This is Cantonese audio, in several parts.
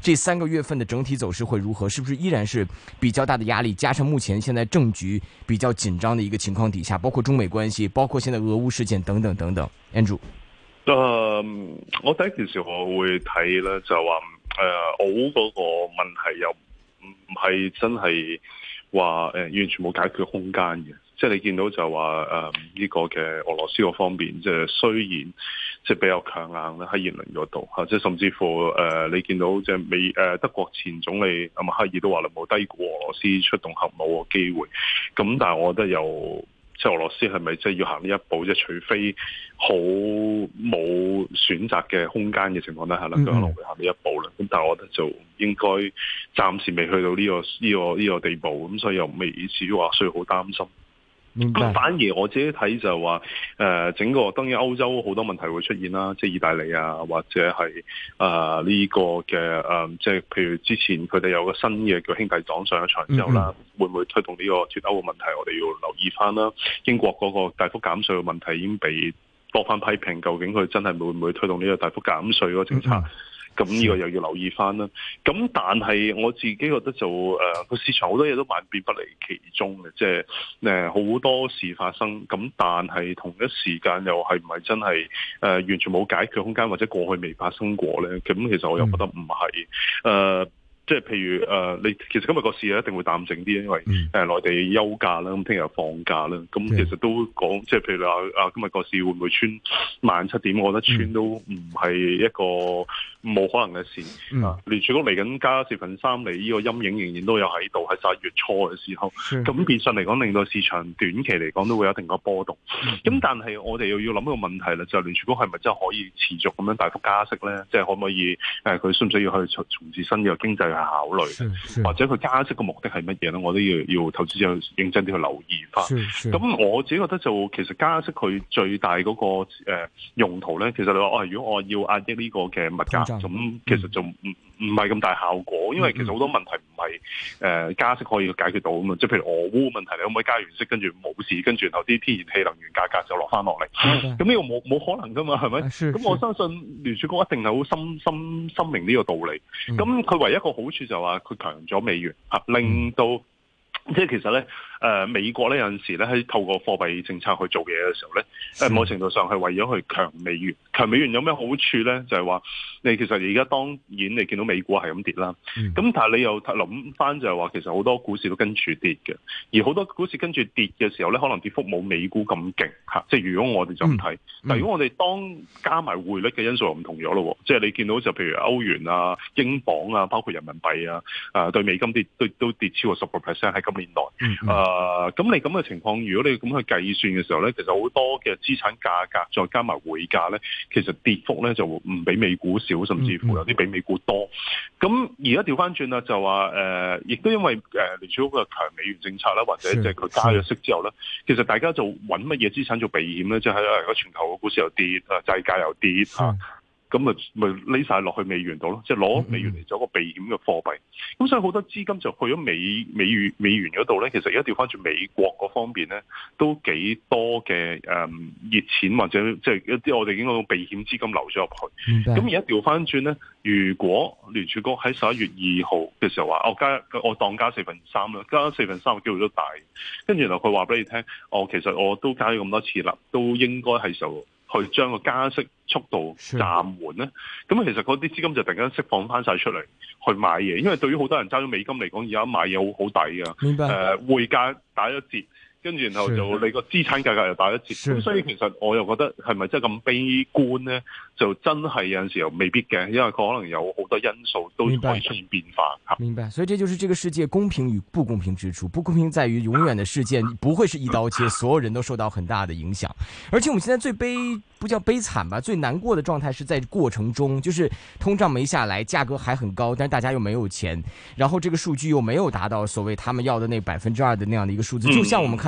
這三個月份的整體走勢會如何？是不是依然是比較大的壓力？加上目前現在政局比較緊張的一個情況底下，包括中美關係，包括現在俄烏事件等等等等。Andrew，呃我第一件事我會睇咧，就話誒，澳、呃、嗰個問題又唔係真係話誒完全冇解決空間嘅。即係你見到就話誒呢個嘅俄羅斯個方面，即係雖然即係比較強硬喺言論嗰度即係甚至乎誒、呃、你見到即係美誒德國前總理阿默克爾都話啦，冇低估俄羅斯出動核武嘅機會。咁但係我覺得又即係俄羅斯係咪真係要行呢一步，即係除非好冇選擇嘅空間嘅情況底下啦，佢可能會行呢一步啦。咁但係我覺得就應該暫時未去到呢個呢個呢個地步，咁所以又未至於話需要好擔心。咁、嗯、反而我自己睇就話、是，誒、呃，整個當然歐洲好多問題會出現啦，即係意大利啊，或者係誒呢個嘅誒、呃，即係譬如之前佢哋有個新嘅叫兄弟黨上咗場之後啦，嗯、會唔會推動呢個脫歐嘅問題？我哋要留意翻啦。英國嗰個大幅減稅嘅問題已經被多返批評，究竟佢真係會唔會推動呢個大幅減稅嗰個政策？嗯嗯咁呢個又要留意翻啦。咁但係我自己覺得就誒個、呃、市場好多嘢都萬變不離其宗嘅，即係好多事發生。咁但係同一時間又係唔係真係誒、呃、完全冇解決空間，或者過去未發生過咧？咁其實我又覺得唔係。嗯呃即係譬如誒，你、呃、其實今日個市一定會淡定啲，因為誒內、嗯呃、地休假啦，咁聽日放假啦，咁、嗯嗯、其實都講即係譬如話，啊今日個市會唔會穿萬七點？我覺得穿都唔係一個冇可能嘅事。嗯，聯儲局嚟緊加四分三釐，呢、這個陰影仍然都有喺度，係十一月初嘅時候。咁、嗯、變相嚟講，令到市場短期嚟講都會有一定個波動。咁、嗯、但係我哋又要諗一個問題啦，就係聯儲局係咪真係可以持續咁樣大幅加息咧？即係可唔可以誒？佢需唔需要去從從自身嘅經濟？考慮，或者佢加息嘅目的係乜嘢咧？我都要要投資者認真啲去留意翻。咁我自己覺得就，其實加息佢最大嗰、那個誒、呃、用途咧，其實你話哦，如果我要壓抑呢個嘅物價咁佔其實就唔，嗯唔係咁大效果，因為其實好多問題唔係誒加息可以解決到啊嘛，即係譬如俄烏問題，你可唔可以加完息跟住冇事，跟住然後啲天然氣能源價格就落翻落嚟，咁呢個冇冇可能噶嘛，係咪？咁我相信聯儲局一定係好深深深明呢個道理。咁佢唯一一個好處就係話佢強咗美元吓、嗯、令到即係其實咧。誒、呃，美國咧有陣時咧係透過貨幣政策去做嘢嘅時候咧，喺某程度上係為咗去強美元。強美元有咩好處咧？就係、是、話你其實而家當然你見到美股係咁跌啦，咁、嗯、但係你又諗翻就係話，其實好多股市都跟住跌嘅，而好多股市跟住跌嘅時候咧，可能跌幅冇美股咁勁吓。即係如果我哋就唔睇，嗯、但係如果我哋當加埋匯率嘅因素又唔同咗咯，即係你見到就譬如歐元啊、英鎊啊，包括人民幣啊，誒、呃、對美金跌都都跌超過十個 percent 喺今年內，嗯呃啊，咁、呃、你咁嘅情況，如果你咁去計算嘅時候咧，其實好多嘅資產價格再加埋匯價咧，其實跌幅咧就唔比美股少，甚至乎有啲比美股多。咁而家調翻轉啦，就話誒，亦、呃、都因為誒聯儲局嘅強美元政策啦，或者即係佢加咗息之後咧，其實大家就揾乜嘢資產做避險咧，就係如果全球嘅股市又跌，啊，債價又跌。是啊咁咪咪匿晒落去美元度咯，即係攞美元嚟做一個避險嘅貨幣。咁所以好多資金就去咗美美，美元美元嗰度咧。其實而家調翻轉美國嗰方面咧，都幾多嘅誒、嗯、熱錢或者即係、就是、一啲我哋應該避險資金流咗入去。咁而家調翻轉咧，如果聯儲局喺十一月二號嘅時候話，我加我當加四分三啦，加四分三嘅機會都大。跟住然後佢話俾你聽，我、哦、其實我都加咗咁多次啦，都應該係受。去將個加息速度暫緩咧，咁是其實嗰啲資金就突然間釋放翻晒出嚟去買嘢，因為對於好多人揸咗美金嚟講，而家買嘢好好抵噶，誒白、呃、匯價打咗折。跟住然後就你個資產價格又打一折，咁所以其實我又覺得係咪真係咁悲觀呢？就真係有陣時候未必嘅，因為可能有好多因素都應該會出現變化明。明白，所以這就是這個世界公平與不公平之處。不公平在於永遠的世界不會是一刀切，所有人都受到很大的影響。而且我們現在最悲，不叫悲慘吧？最難過的狀態是在過程中，就是通脹沒下來，價格還很高，但是大家又沒有錢，然後這個數據又沒有達到所謂他們要的那百分之二的那樣的一個數字。嗯，就像我們看。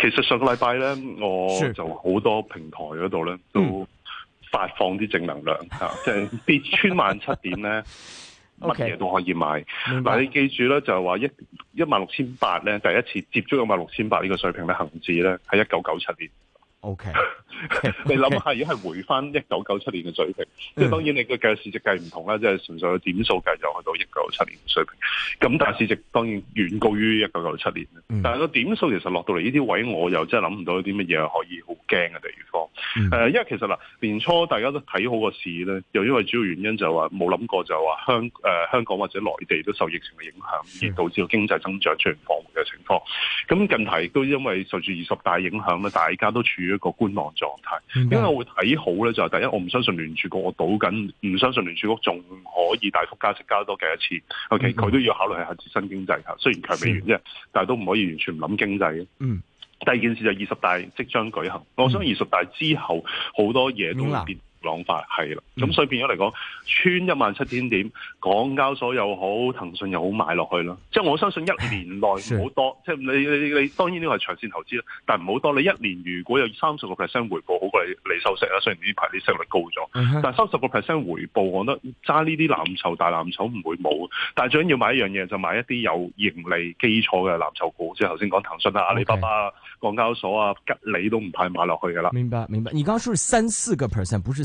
其實上個禮拜咧，我就好多平台嗰度咧，都發放啲正能量吓，嗯、 即係跌穿萬七點咧，乜嘢 都可以買。但係，Okay. 你記住咧，就係話一一萬六千八咧，第一次接觸一萬六千八呢個水平咧，恒指咧喺一九九七年。O、okay. K，、okay. okay. 你諗下，如果係回翻一九九七年嘅水平，即係、嗯、當然你嘅計市值計唔同啦，即係純粹點數計就去到一九九七年嘅水平，咁但係市值當然遠高於一九九七年、嗯、但係個點數其實落到嚟呢啲位，我又真係諗唔到啲乜嘢可以好驚嘅地方。誒、嗯，因為其實嗱年初大家都睇好個市咧，又因為主要原因就話冇諗過就話香誒香港或者內地都受疫情嘅影響，而導致到經濟增長出現放緩嘅情況。咁近排都因為受住二十大影響咧，大家都處於一個觀望狀態，點解我會睇好咧，就係、是、第一，我唔相信聯儲局，我賭緊，唔相信聯儲局仲可以大幅加息，加多幾多次。OK，佢都要考慮下自身經濟，雖然強美元啫，的但係都唔可以完全唔諗經濟。嗯，第二件事就二十大即將舉行，我相信二十大之後好多嘢都會變。嗯講法係啦，咁、 嗯、所以變咗嚟講，穿一萬七千點，港交所又好，騰訊又好，買落去啦。即係我相信一年內唔好多，是即係你你你當然呢個係長線投資啦，但係唔好多。你一年如果有三十個 percent 回報，好過你你收息啦。雖然呢排啲息率高咗，嗯、哼但係三十個 percent 回報，我覺得揸呢啲藍籌大藍籌唔會冇。但係最緊要買一樣嘢，就買一啲有盈利基礎嘅藍籌股，即係頭先講騰訊啊、阿里巴巴啊、Okay 港交所啊，吉你都唔怕買落去㗎啦。明白明白。你剛剛講係三四個 percent，不是？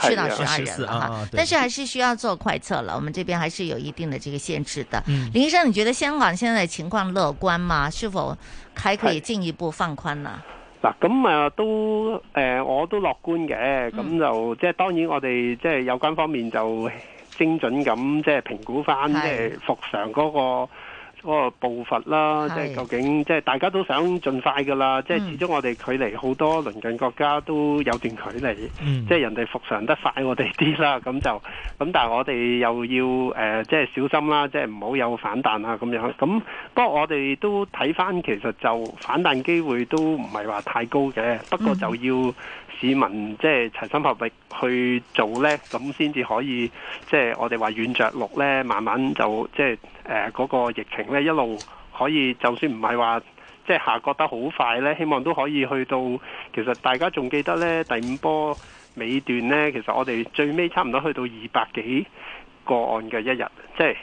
去到十二人十啊，但是還是需要做快測了。我們這邊還是有一定的這個限制的。嗯、林醫生，你覺得香港現在情況樂觀嗎？是否還可以進一步放寬呢？嗱，咁啊都誒、呃，我都樂觀嘅。咁、嗯、就即係當然我，我哋即係有關方面就精準咁即係評估翻，即係復常嗰、那個。嗰個步伐啦，是即係究竟，即係大家都想盡快噶啦，即係、嗯、始終我哋距離好多鄰近國家都有段距離，嗯、即係人哋復常得快我哋啲啦，咁就咁，但係我哋又要、呃、即係小心啦，即係唔好有反彈啊咁樣。咁不過我哋都睇翻，其實就反彈機會都唔係話太高嘅，不過就要市民即係齊心合力去做呢，咁先至可以，即係我哋話軟着陸呢，慢慢就、嗯、即係。誒，嗰個疫情呢，一路可以就算唔係話即係下降得好快呢，希望都可以去到，其實大家仲記得呢，第五波尾段呢，其實我哋最尾差唔多去到二百幾個案嘅一日，即係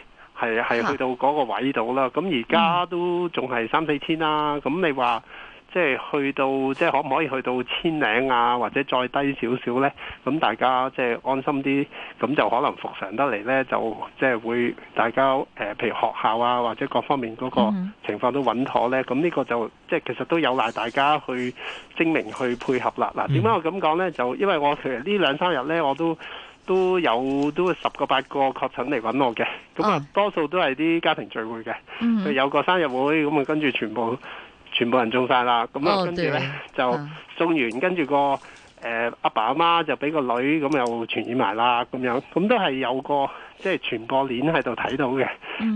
係去到嗰個位度啦。咁而家都仲係三四千啦，咁你話？即係去到，即係可唔可以去到千零啊，或者再低少少呢？咁大家即係安心啲，咁就可能復常得嚟呢。就即係會大家、呃、譬如學校啊，或者各方面嗰個情況都穩妥呢。咁呢、mm hmm. 個就即係其實都有賴大家去精明去配合啦。嗱，點解我咁講呢？就因為我其實呢兩三日呢，我都都有都十個八個確診嚟揾我嘅。咁啊多數都係啲家庭聚會嘅，mm hmm. 有個生日會咁啊，跟住全部。全部人中晒啦，咁啊跟住呢就送完，跟住、uh, 個誒阿爸阿媽，媽就俾個女咁又傳染埋啦，咁樣咁都係有個即係、就是、傳播鏈喺度睇到嘅，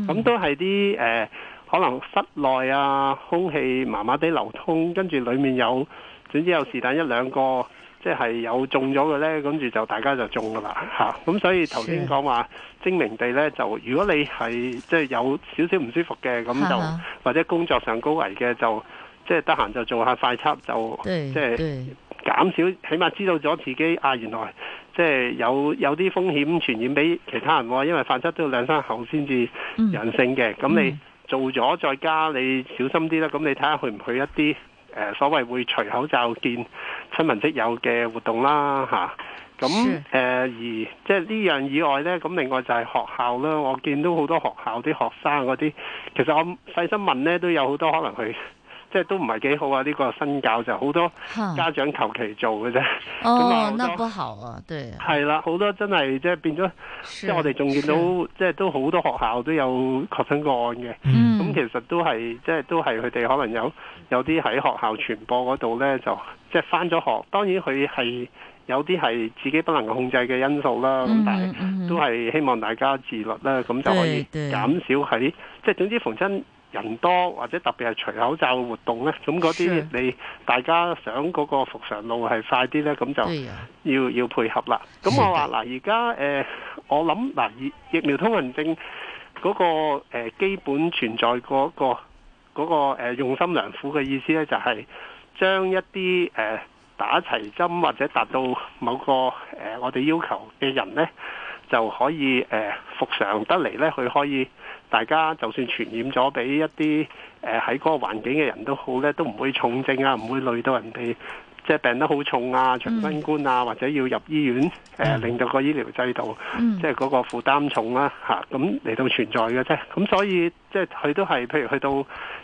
咁都係啲、呃、可能室內啊空氣麻麻地流通，跟住裏面有總之有是但一兩個。即係有中咗嘅呢，跟住就大家就中噶啦吓。咁所以頭先講話精明地呢，就如果你係即係有少少唔舒服嘅，咁就 Yeah. 或者工作上高危嘅，就即係得閒就做下快測，就即係 Yeah. 減少，Yeah. 起碼知道咗自己啊，原來即係、就是、有有啲風險傳染俾其他人喎、哦。因為快測都要兩三後先至陽性嘅，咁、mm. 你做咗、mm. 再加你小心啲啦。咁你睇下去唔去一啲？誒所謂會除口罩見親朋戚友嘅活動啦，咁誒、啊是呃、而即係呢樣以外呢，咁另外就係學校啦。我見到好多學校啲學生嗰啲，其實我細心問呢都有好多可能去。即係都唔係幾好啊！呢個新教就好多家長求其做嘅啫。哦，多那不好啊，對。係啦，好多真係是即係變咗，即係我哋仲見到，是即係都好多學校都有確診個案嘅。咁、嗯、其實都係即係都係佢哋可能有有啲喺學校傳播嗰度呢，就即係返咗學。當然佢係有啲係自己不能控制嘅因素啦。咁但嗯，但都係希望大家自律啦，咁、嗯、就可以減少喺即係總之，逢親。人多或者特別係除口罩活動呢，咁嗰啲你大家想嗰個復常路係快啲呢，咁就要、哎、呀要配合啦。咁我話嗱，而家誒我諗嗱、呃，疫苗通行證嗰、嗰個、呃、基本存在嗰、嗰個嗰、嗰個、呃、用心良苦嘅意思呢，就係將一啲誒、呃、打齊針或者達到某個誒、呃、我哋要求嘅人呢，就可以誒、呃、復常得嚟呢，佢可以。大家就算傳染咗俾一啲誒喺嗰個環境嘅人都好咧，都唔會重症啊，唔會累到人哋即係病得好重啊、長新冠啊，或者要入醫院、呃、令到個醫療制度、嗯、即係嗰個負擔重啦嚇，咁嚟到存在嘅啫。咁所以即係佢都係譬如去到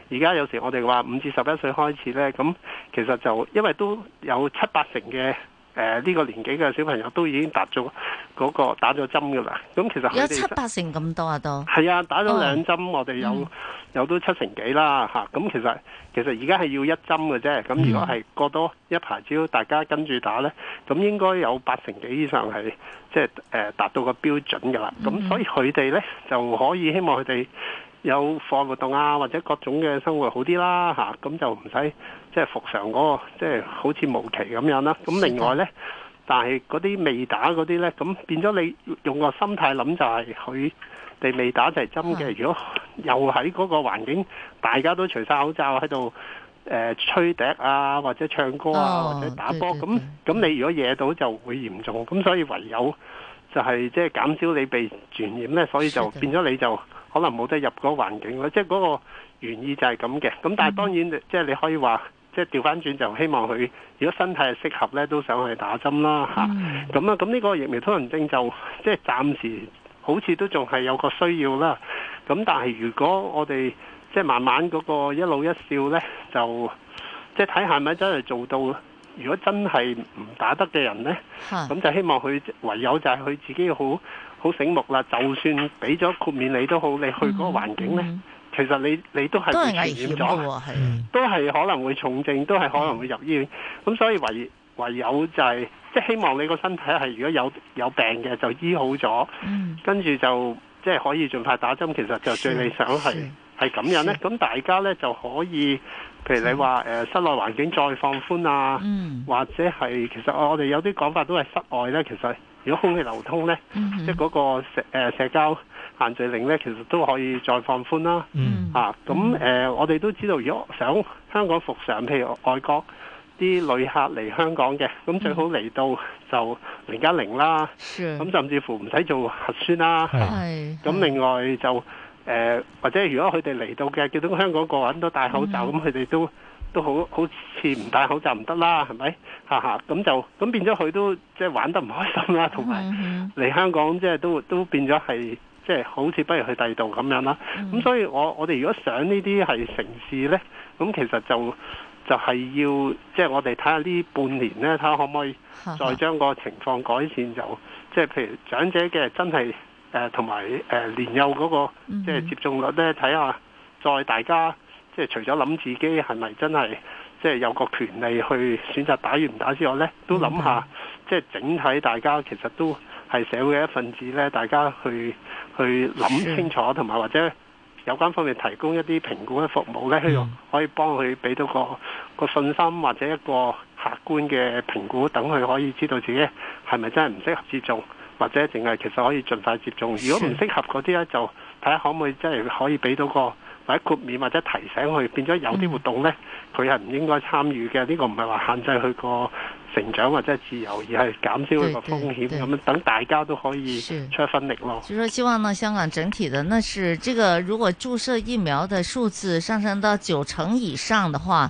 而家有時候我哋話五至十一歲開始咧，咁其實就因為都有七八成嘅。誒呢、呃這個年紀嘅小朋友都已經達咗嗰個打咗針㗎喇，咁其實有七八成咁多啊，都係啊，打咗兩針，oh. 我哋有、mm. 有都七成幾啦嚇。咁、啊、其實其實而家係要一針嘅啫，咁如果係過多一排招大家跟住打呢，咁應該有八成幾以上係即係誒達到個標準㗎喇。咁、mm. 所以佢哋呢，就可以希望佢哋。有課外活動啊，或者各種嘅生活好啲啦吓，咁就唔使即係復常嗰、那個，即、就、係、是、好似無期咁樣啦、啊。咁另外呢，的但係嗰啲未打嗰啲呢，咁變咗你用個心態諗就係佢哋未打就係針嘅。的如果又喺嗰個環境，大家都除晒口罩喺度、呃、吹笛啊，或者唱歌啊，啊或者打波咁，咁的你如果惹到就會嚴重。咁所以唯有。就係即係減少你被傳染咧，所以就變咗你就可能冇得入嗰環境咯，即係嗰個原意就係咁嘅。咁但係當然，即係你可以話，即係調翻轉就希望佢，如果身體係適合咧，都想去打針啦嚇。咁、嗯、啊，咁呢個疫苗通行證就即係、就是、暫時好似都仲係有個需要啦。咁但係如果我哋即係慢慢嗰個一老一少咧，就即係睇係咪真係做到如果真係唔打得嘅人呢，咁就希望佢唯有就係佢自己好好醒目啦。就算俾咗豁免你都好，你去嗰個環境呢，嗯嗯、其實你你都係都係危險咗，都係可能會重症，都係可能會入醫院。咁、嗯、所以唯唯有就係即係希望你個身體係如果有有病嘅就醫好咗，嗯、跟住就即係、就係、可以盡快打針。其實就最理想係係咁樣呢。咁是大家呢，就可以。譬如你話誒、呃、室內環境再放寬啊，嗯、或者係其實我哋有啲講法都係室外呢。其實如果空氣流通呢，即係嗰個社誒、呃、社交限制令呢，其實都可以再放寬啦、啊。咁誒、嗯啊呃、我哋都知道，如果想香港復常，譬如外國啲旅客嚟香港嘅，咁最好嚟到就零加零啦。咁甚至乎唔使做核酸啦。咁另外就。誒、呃、或者如果佢哋嚟到嘅，叫到香港個人都戴口罩，咁佢哋都都好好似唔戴口罩唔得啦，係咪？嚇嚇咁就咁變咗佢都即係玩得唔開心啦，同埋嚟香港即係都都變咗係即係好似不如去第二度咁樣啦。咁、嗯、所以我我哋如果想呢啲係城市呢，咁其實就就係、是、要即係我哋睇下呢半年呢，睇下可唔可以再將個情況改善就，就即係譬如長者嘅真係。誒同埋誒年幼嗰個即係接種率咧，睇下再大家即係除咗諗自己係咪真係即係有個權利去選擇打與唔打之外咧，都諗下即係整體大家其實都係社會嘅一份子咧，大家去去諗清楚，同埋或者有關方面提供一啲評估嘅服務咧，可以幫佢俾到個個信心或者一個客觀嘅評估，等佢可以知道自己係咪真係唔適合接種。或者淨係其實可以盡快接種，如果唔適合嗰啲咧，就睇下可唔可以即係、就是、可以俾到個或者豁免或者提醒佢，變咗有啲活動咧，佢係唔應該參與嘅。呢、呢個唔係話限制佢個成長或者係自由，而係減少佢個風險咁對樣，等大家都可以出一分力咯。就是希望呢香港整體的，呢，是這個如果注射疫苗的數字上升到九成以上的話。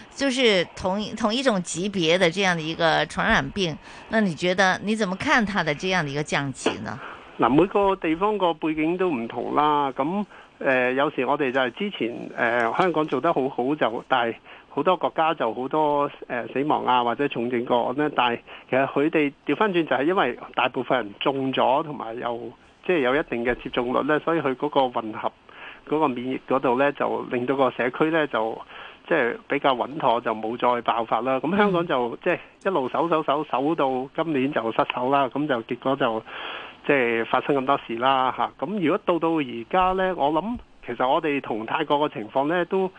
就是同一同一種級別的這樣的一個傳染病，那你覺得你怎麼看它的這樣的一個降級呢？嗱，每個地方個背景都唔同啦，咁誒、呃、有時我哋就係之前誒、呃、香港做得好好就，但係好多國家就好多誒、呃、死亡啊或者重症個案咧，但係其實佢哋調翻轉就係因為大部分人中咗，同埋又即係有一定嘅接種率咧，所以佢嗰個混合嗰個免疫嗰度咧就令到個社區咧就。即係比較穩妥，就冇再爆發啦。咁香港就即係、就是、一路守守守守到今年就失守啦。咁就結果就即係、就是、發生咁多事啦。嚇，咁如果到到而家呢，我諗其實我哋同泰國嘅情況呢，都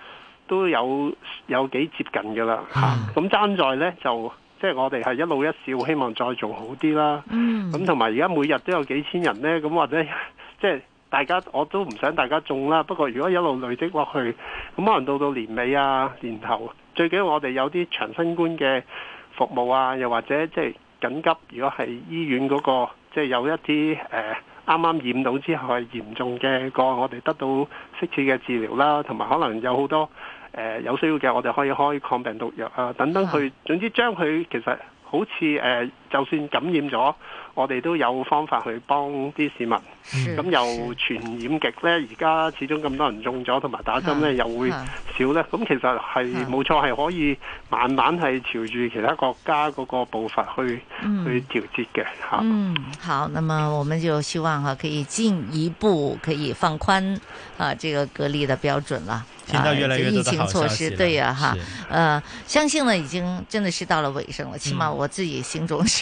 都有有幾接近㗎啦。嚇，咁爭在呢，就即係、就是、我哋係一路一笑，希望再做好啲啦。咁同埋而家每日都有幾千人呢，咁或者即係。就是大家我都唔想大家中啦，不過如果一路累積落去，咁可能到到年尾啊、年頭，最緊要我哋有啲長新冠嘅服務啊，又或者即係緊急，如果係醫院嗰、那個，即、就、係、是、有一啲誒啱啱染到之後係嚴重嘅個案，我哋得到適切嘅治療啦，同埋可能有好多誒、呃、有需要嘅，我哋可以開抗病毒藥啊等等去，總之將佢其實好似誒。呃就算感染咗，我哋都有方法去幫啲市民。咁又傳染極咧，而家始終咁多人中咗，同埋打針咧又會少咧。咁其實係冇錯，係可以慢慢係朝住其他國家嗰個步伐去去調節嘅吓。嗯，好。那麼我們就希望嚇可以進一步可以放寬啊，這個隔離的標準啦。越即係疫情措施，對啊，哈。呃，相信呢已經真的是到了尾聲了，起碼我自己心中是。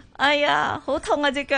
哎呀，好痛啊隻腳！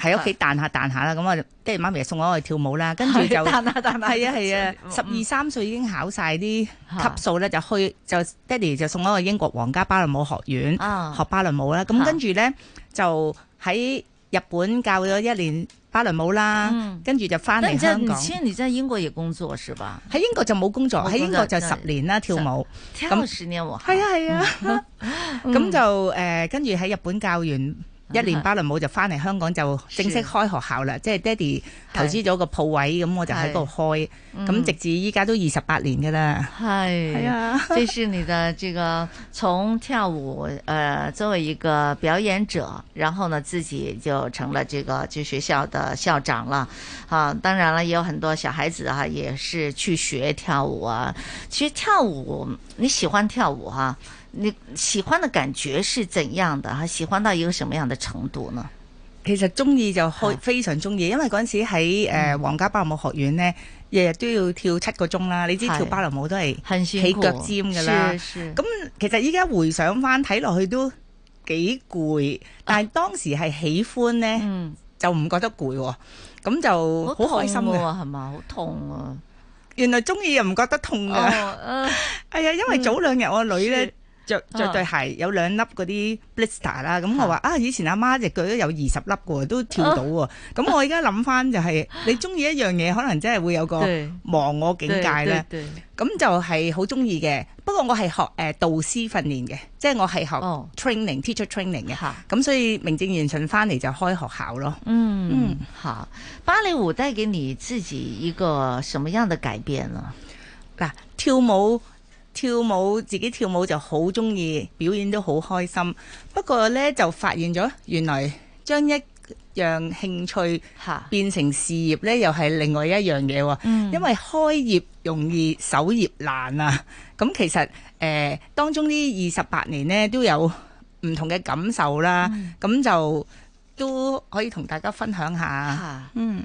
喺屋企彈下彈下啦，咁我爹哋媽咪又送我去跳舞啦，跟住就彈下彈下。係啊係啊，十二三歲已經考晒啲級數咧，就去就爹哋就送我去英國皇家芭蕾舞學院學芭蕾舞啦。咁跟住咧就喺日本教咗一年芭蕾舞啦，跟住就翻嚟香港。你在英國也工作是吧？喺英國就冇工作，喺英國就十年啦跳舞。跳舞十年喎，係啊係啊。咁就誒，跟住喺日本教完。一年芭蕾舞就翻嚟香港就正式開學校啦，是即係爹哋投資咗個鋪位，咁是我就喺度開，咁是直至依家都二十八年㗎啦。係啊是，哎、呀這是你的這個從 跳舞，誒、呃，作為一個表演者，然後呢自己就成了這個就學校的校長啦。啊，當然啦，也有很多小孩子啊，也是去學跳舞啊。其實跳舞，你喜歡跳舞哈、啊？你喜歡嘅感覺是怎樣的？哈，喜歡到一個什麼樣的程度呢？其實中意就開，非常中意，啊、因為嗰陣時喺誒、嗯呃、皇家芭蕾舞學院呢，日日都要跳七個鐘啦。你知跳芭蕾舞都係起腳尖噶啦。咁其實依家回想翻睇落去都幾攰，但係當時係喜歡呢，啊、就唔覺得攰、哦，咁、嗯、就好開心嘅係嘛，好痛啊！痛啊，原來中意又唔覺得痛噶，係、哦、啊 哎呀，因為早兩日我女呢。嗯着著對鞋、啊、有兩粒嗰啲 blister 啦，咁我話啊，以前阿媽隻腳都有二十粒嘅，都跳到喎。咁我而家諗翻就係，你中意一樣嘢，可能真係會有個忘我境界咧。咁就係好中意嘅。不過我係學誒導師訓練嘅，即係我係學 training teacher training 嘅。咁所以名正言順翻嚟就開學校咯。嗯嗯吓，芭蕾舞帶給你自己一個什麼樣的改變呢？嗱、嗯啊，跳舞。跳舞自己跳舞就好中意，表演都好開心。不過呢，就發現咗，原來將一樣興趣變成事業呢又係另外一樣嘢喎。嗯、因為開業容易守業難啊。咁其實誒、呃、當中呢二十八年呢都有唔同嘅感受啦。咁、嗯、就都可以同大家分享下。嗯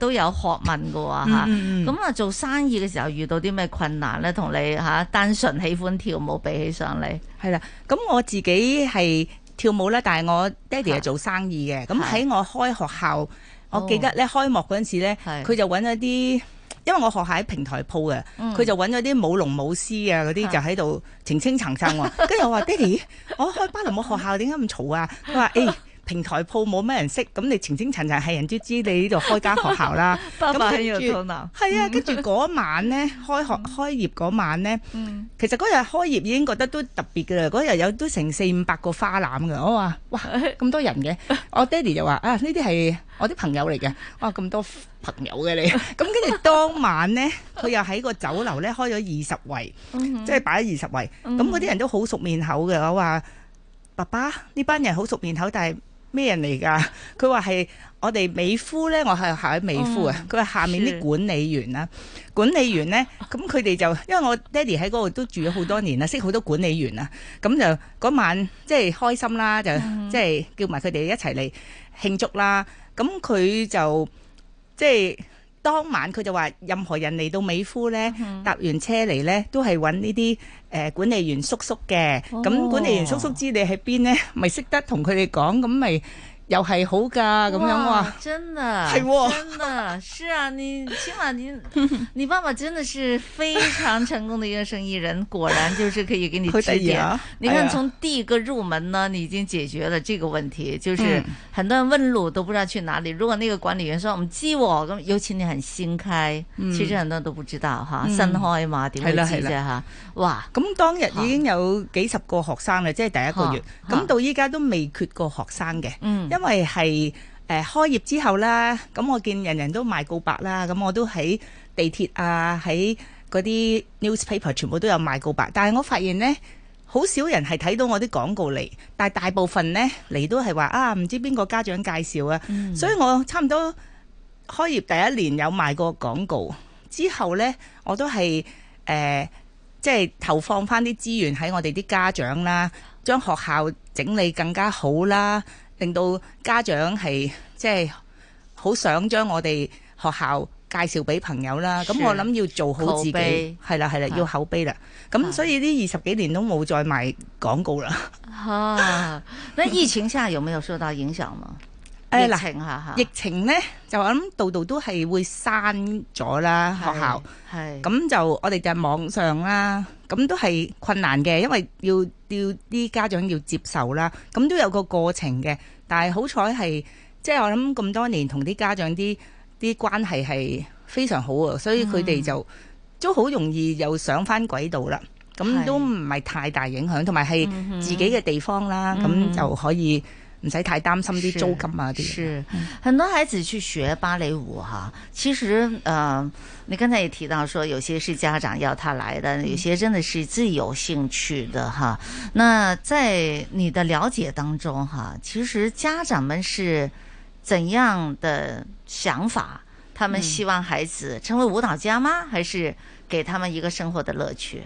都有學問嘅喎，咁啊做生意嘅時候遇到啲咩困難咧？同你嚇單純喜歡跳舞比起上嚟，係啦。咁我自己係跳舞咧，但係我爹哋係做生意嘅。咁喺是我開學校，是我記得咧，開幕嗰陣時咧，佢、哦、就揾咗啲，因為我學校喺平台鋪嘅，佢是就揾咗啲舞龍舞獅啊嗰啲就喺度澄清層層喎。跟住是我話 爹哋，我開芭蕾舞學校點解咁嘈啊？佢話，誒。哎平台鋪冇咩人識，咁你澄清層層係人都知，知你呢度開間學校啦。 爸爸係後、嗯、啊，跟住嗰晚咧開學、嗯、開業嗰晚咧，嗯、其實嗰日開業已經覺得都特別嘅啦。嗰日有都成四五百個花籃嘅，我話哇咁多人嘅。我爹哋就話啊，呢啲係我啲朋友嚟嘅。哇，咁多朋友嘅你。咁跟住當晚咧，佢又喺個酒樓咧開咗二十圍，嗯、即係擺咗二十圍。咁嗰啲人都好熟面口嘅，我話、嗯、爸爸呢班人好熟面口，但係。咩人嚟㗎？佢話係我哋美孚咧，我係下喺美孚嘅。佢話、嗯、下面啲管理員啦，是管理員咧，咁佢哋就因為我爹哋喺嗰度都住咗好多年啦，識好多管理員啊。咁就嗰晚即係、就是、開心啦，就即係叫埋佢哋一齊嚟慶祝啦。咁佢就即係。就是當晚佢就話任何人嚟到美孚呢，搭完車嚟呢，都係揾呢啲管理員叔叔嘅。咁、哦、管理員叔叔知你喺邊呢？咪識得同佢哋講，咁咪。又係好噶咁樣喎，真嘅係喎，真的是啊！你起碼，你你爸爸真的是非常成功的一個生意人，果然就是可以給你指點。你看從第一個入門呢，你已經解決了這個問題，就是很多人問路都不知道去哪裏。如果那個管理員說我唔知，咁尤其你很新開，其實很多人都不知道哈，新開嘛，點會知啫？哈，哇！咁當日已經有幾十個學生了，即係第一個月，咁到依家都未缺過學生嘅，因因為係誒、呃、開業之後啦，咁我見人人都賣告白啦，咁我都喺地鐵啊，喺嗰啲 newspaper 全部都有賣告白。但係我發現呢，好少人係睇到我啲廣告嚟，但係大部分呢，嚟都係話啊，唔知邊個家長介紹啊。嗯、所以我差唔多開業第一年有賣過廣告之後呢，我都係誒即係投放返啲資源喺我哋啲家長啦，將學校整理更加好啦。令到家長係即係好想將我哋學校介紹俾朋友啦，咁是我諗要做好自己，係啦係啦，要口碑啦。咁、啊、所以呢二十幾年都冇再賣廣告啦。嚇、啊，那疫情下有沒有受到影響嗎？ 哎、疫情呢，就我諗度度都係會刪咗啦，學校，咁就我哋就係網上啦，咁都係困難嘅，因為要要啲家長要接受啦，咁都有個過程嘅。但係好彩係，即、就、係、是、我諗咁多年同啲家長啲啲關係係非常好啊，所以佢哋就都好、嗯、容易又上翻軌道啦，咁都唔係太大影響，同埋係自己嘅地方啦，咁、嗯、哼就可以。唔使太擔心啲租金啊啲。是，嗯、很多孩子去學芭蕾舞哈，其實，嗯、呃，你剛才也提到說，有些是家長要他來的，有些真的是自己有興趣的哈。嗯、那在你的了解當中哈，其實家長們是怎樣的想法？他們希望孩子成為舞蹈家嗎？還是給他們一個生活的樂趣？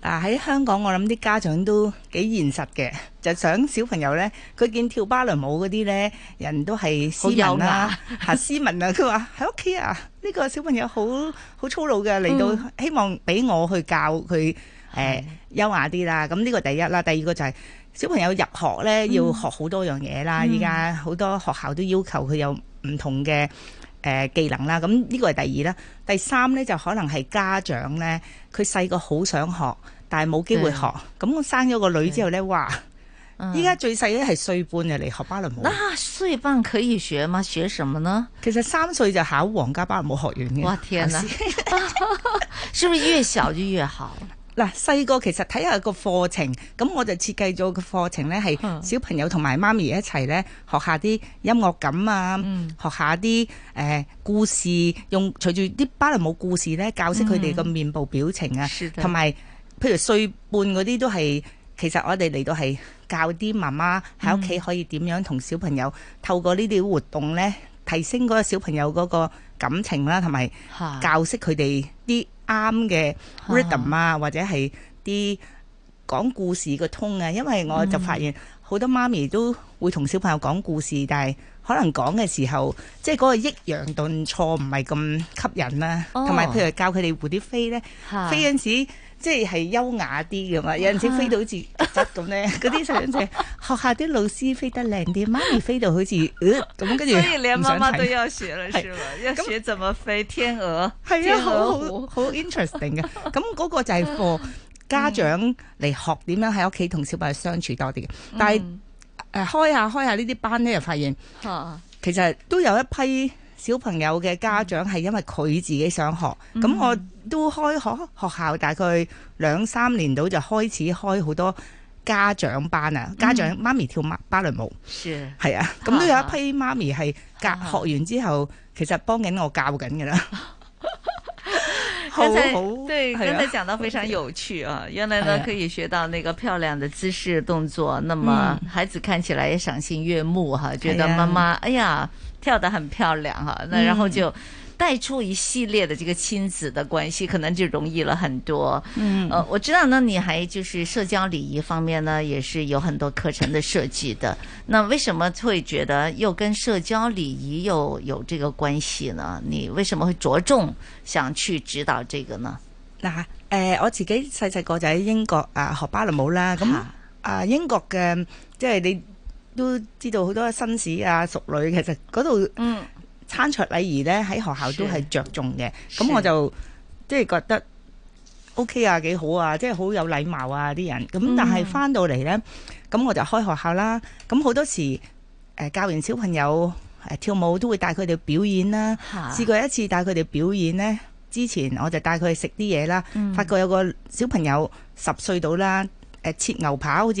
啊！喺香港，我諗啲家長都幾現實嘅，就想小朋友呢，佢見跳芭蕾舞嗰啲呢，人都係斯文啦，吓斯文啊！佢話喺屋企啊，呢個小朋友好好粗魯嘅，嚟到、嗯、希望俾我去教佢誒、呃、優雅啲啦。咁、這、呢個第一啦，第二個就係、是、小朋友入學呢，要學好多樣嘢啦。依家好多學校都要求佢有唔同嘅誒、呃、技能啦。咁、這、呢個係第二啦，第三呢，就可能係家長呢。佢細個好想學，但係冇機會學。咁對我生咗個女之後咧，對哇！依家、嗯、最細咧係歲半就嚟學芭蕾舞。啊，歲半可以學嗎？學什麼呢？其實三歲就考皇家芭蕾舞學院嘅。哇天啊！係咪越小就越好？ 嗱細個其實睇下個課程，咁我就設計咗個課程呢係小朋友同埋媽咪一齊呢，學下啲音樂感啊，嗯、學下啲誒、呃、故事，用隨住啲芭蕾舞故事呢，教識佢哋個面部表情啊，同埋、嗯、譬如歲半嗰啲都係，其實我哋嚟到係教啲媽媽喺屋企可以點樣同小朋友透過呢啲活動呢，提升嗰個小朋友嗰個感情啦、啊，同埋教識佢哋啲。啱嘅 rhythm 啊，或者係啲講故事個通啊，因為我就發現好多媽咪都會同小朋友講故事，但係可能講嘅時候，即係嗰個抑揚頓挫唔係咁吸引啦，同埋譬如教佢哋蝴蝶飛咧，哦、飛陣時。即係優雅啲嘅嘛，有陣時飛到好似一隻咁咧，嗰啲上就學校啲老師飛得靚啲，媽咪飛到好似、呃，咁跟住，所以連媽媽都要學啦，是嘛？要學怎麼飛那天鵝，係啊，好好好 interesting 嘅。咁嗰、那個就係 for 家長嚟學點樣喺屋企同小朋友相處多啲嘅。嗯、但係誒、呃、開下開下呢啲班咧，又發現，其實都有一批。小朋友嘅家長係因為佢自己想學，咁我都開學校大概兩三年度就開始開好多家長班啊，家長媽咪跳芭蕾舞，係啊，咁都有一批媽咪係教學完之後，其實幫緊我教緊噶啦。好，好，對，剛才講得非常有趣啊，原來呢可以學到那個漂亮的姿勢動作，那麼孩子看起來也賞心悅目哈，覺得媽媽，哎呀。跳得很漂亮哈，那然後就帶出一系列的這個親子的關係，嗯、可能就容易了很多。嗯，呃，我知道，呢，你還就是社交禮儀方面呢，也是有很多課程的設計的。那為什麼會覺得又跟社交禮儀又有這個關係呢？你為什麼會着重想去指導這個呢？那誒、呃，我自己細細個就喺英國啊、呃、學芭蕾舞啦，咁啊、呃、英國嘅即係你。都知道好多紳士啊、淑女，其實嗰度餐桌禮儀呢，喺學校都係着重嘅。咁我就即係覺得 OK 啊，幾好啊，即係好有禮貌啊啲人。咁但係翻到嚟呢，咁、嗯、我就開學校啦。咁好多時、呃、教完小朋友、呃、跳舞，都會帶佢哋表演啦。哈試過一次帶佢哋表演呢，之前我就帶佢食啲嘢啦。嗯、發覺有個小朋友十歲到啦、呃，切牛扒好似。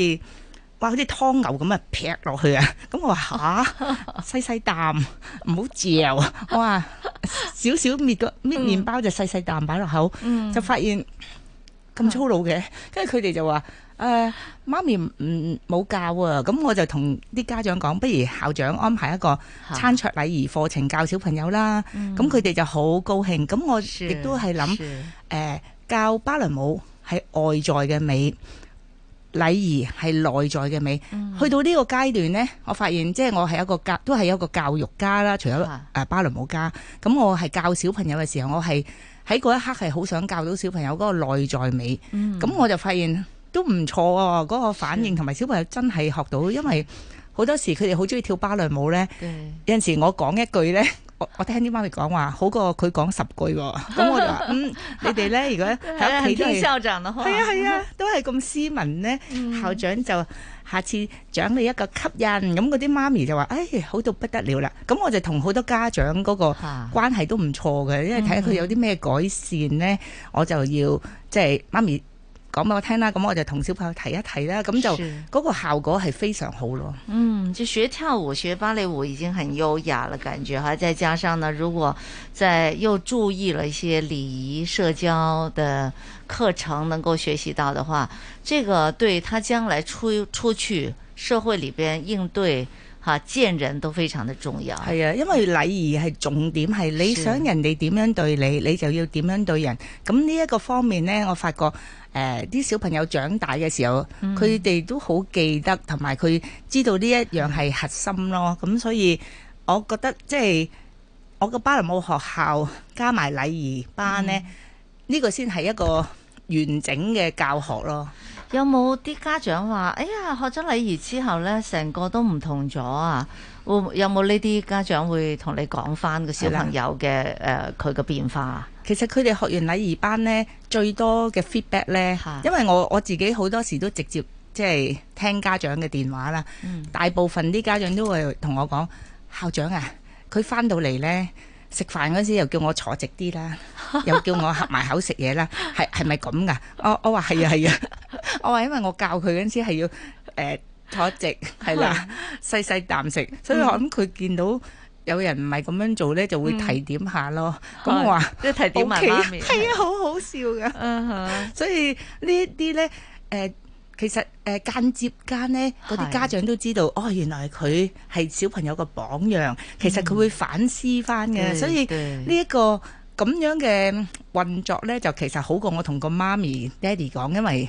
哇！好似劏牛咁啊，劈落去啊！咁我話吓，細細啖，唔好嚼啊！我話少少搣個搣麵包就細細啖擺落口，嗯、就發現咁粗魯嘅。跟住佢哋就話：誒、呃，媽咪唔冇教啊！咁我就同啲家長講，不如校長安排一個餐桌禮儀課程教小朋友啦。咁佢哋就好高興。咁我亦都係諗，誒、呃，教芭蕾舞係外在嘅美。禮儀係內在嘅美，去到呢個階段呢，我發現即係我係一個教，都係一個教育家啦。除咗誒芭蕾舞家，咁我係教小朋友嘅時候，我係喺嗰一刻係好想教到小朋友嗰個內在美。咁我就發現都唔錯啊！嗰、嗰個反應同埋小朋友真係學到，因為。好多時佢哋好中意跳芭蕾舞咧，對有陣時我講一句咧，我我聽啲媽咪講話好過佢講十句喎。咁我就話 嗯，你哋咧，如果喺屋企都係，係啊係啊，都係咁斯文咧。嗯、校長就下次獎你一個吸引，咁嗰啲媽咪就話，哎，好到不得了啦。咁我就同好多家長嗰個關係都唔錯嘅，因為睇下佢有啲咩改善咧，我就要即係媽咪。講俾我聽啦，咁我就同小朋友提一提啦，咁就嗰個效果係非常好咯。嗯，就學跳舞學芭蕾舞已經很優雅了，感覺哈，再加上呢，如果再又注意了一些禮儀社交的課程，能夠學習到的話，這個對他將來出出去社會裏邊應對。吓見、啊、人都非常的重要。係啊，因為禮儀係重點，係你想人哋點樣對你，是你就要點樣對人。咁呢一個方面呢，我發覺誒，啲、呃、小朋友長大嘅時候，佢哋、嗯、都好記得，同埋佢知道呢一樣係核心咯。咁所以我覺得即係我個巴黎舞學校加埋禮儀班呢，呢、嗯、個先係一個完整嘅教學咯。有冇啲家長話，哎呀，學咗禮儀之後呢，成個都唔同咗啊！會有冇呢啲家長會同你講翻個小朋友嘅誒佢嘅變化啊？其實佢哋學完禮儀班呢，最多嘅 feedback 呢，的因為我我自己好多時都直接即係、就是、聽家長嘅電話啦。的大部分啲家長都會同我講，嗯、校長啊，佢翻到嚟呢，食飯嗰時又叫我坐直啲啦， 又叫我合埋口食嘢啦。係係咪咁噶？我我話係啊係啊。 我話、哦、因為我教佢嗰陣時係要誒、呃、坐直係啦，細細啖食。所以我諗佢見到有人唔係咁樣做咧，就會提點下咯。咁我話即係提點媽媽咪係啊，好好笑噶。嗯、哼所以這些呢啲咧誒，其實誒間、呃、接間咧，嗰啲家長都知道是哦。原來佢係小朋友個榜樣，嗯、其實佢會反思翻嘅。的所以、這個、這呢一個咁樣嘅運作咧，就其實好過我同個媽咪、爹哋講，因為。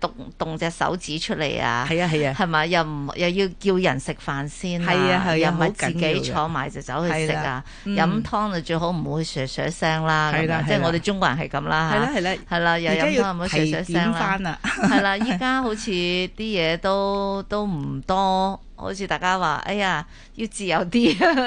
動動隻手指出嚟啊！係啊係啊，係嘛，又唔又要叫人食飯先，係啊係啊，又唔好自己坐埋就走去食啊！飲湯就最好唔好噓噓聲啦，即係我哋中國人係咁啦吓，係啦係啦，係啦又飲湯唔好噓噓聲啦，係啦！依家好似啲嘢都都唔多，好似大家話哎呀要自由啲，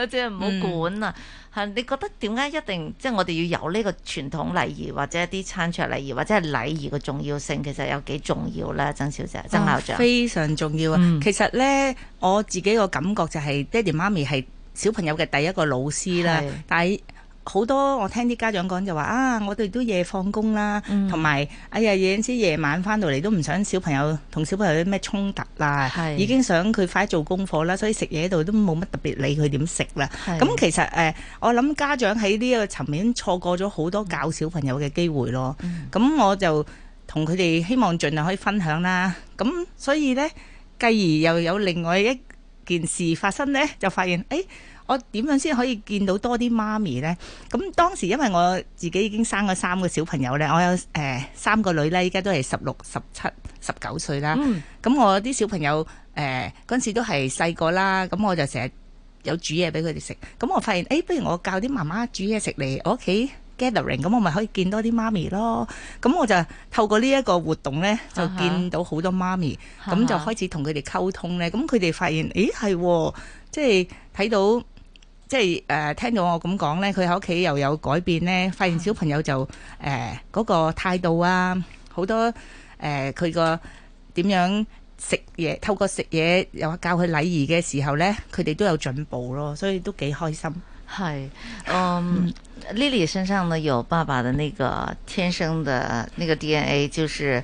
即係唔好管啊！係，你覺得點解一定即係我哋要有呢個傳統禮儀，或者一啲餐桌禮儀，或者係禮儀嘅重要性，其實有幾重要咧，曾小姐、哦、曾校長，非常重要啊。嗯、其實咧，我自己個感覺就係爹哋媽咪係小朋友嘅第一個老師啦，是但係。好多我聽啲家長講就話啊，我哋都夜放工啦，同埋、嗯、哎呀，有陣時夜晚翻到嚟都唔想小朋友同小朋友有啲咩衝突啦，是已經想佢快做功課啦，所以食嘢度都冇乜特別理佢點食啦。咁是其實誒、呃，我諗家長喺呢個層面錯過咗好多教小朋友嘅機會咯。咁、嗯、我就同佢哋希望盡量可以分享啦。咁所以呢，繼而又有另外一件事發生呢，就發現誒。哎我點樣先可以見到多啲媽咪呢？咁當時因為我自己已經生咗三個小朋友咧，我有、呃、三個女咧，依家都係十六、十七、十九歲啦。咁、嗯、我啲小朋友誒嗰陣時都係細個啦，咁我就成日有煮嘢俾佢哋食。咁我發現誒、欸、不如我教啲媽媽煮嘢食嚟我屋企 gathering，咁我咪可以見多啲媽咪咯。咁我就透過呢一個活動呢，就見到好多媽咪，咁、啊、哈就開始同佢哋溝通呢。咁佢哋發現誒係、欸，即係睇到。即係誒、呃，聽到我咁講咧，佢喺屋企又有改變咧，發現小朋友就誒嗰、呃，那個態度啊，好多誒佢個點樣食嘢，透過食嘢又教佢禮儀嘅時候咧，佢哋都有進步咯，所以都幾開心。係，嗯，Lily 身上呢有爸爸嘅那個天生嘅那個 DNA，就是。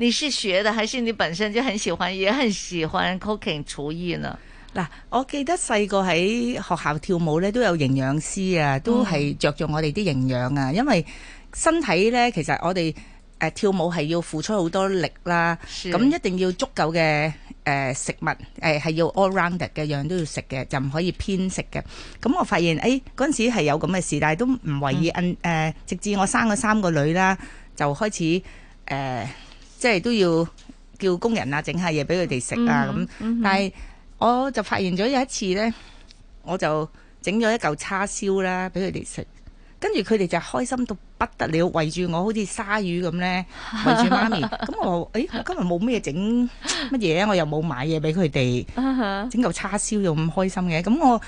你是學的，還是你本身就很喜歡，也很喜歡 cooking 廚藝呢？嗱，我記得細個喺學校跳舞咧，都有營養師啊，都係着重我哋啲營養啊。嗯、因為身體咧，其實我哋誒、呃、跳舞係要付出好多力啦，咁是一定要足夠嘅誒食物誒係、呃、要 all round 嘅，樣樣都要食嘅，就唔可以偏食嘅。咁我發現誒嗰陣時係有咁嘅事，但係都唔為意。誒、嗯嗯呃，直至我生咗三個女啦，就開始誒。呃即係都要叫工人啊，整下嘢俾佢哋食啊咁。嗯、但係我就發現咗有一次呢，我就整咗一嚿叉燒啦，俾佢哋食。跟住佢哋就開心到不得了，圍住我好似鯊魚咁呢。圍住媽咪。咁、 嗯、我誒、哎、今日冇咩整乜嘢，我又冇買嘢俾佢哋，整嚿叉燒又咁開心嘅。咁、嗯、我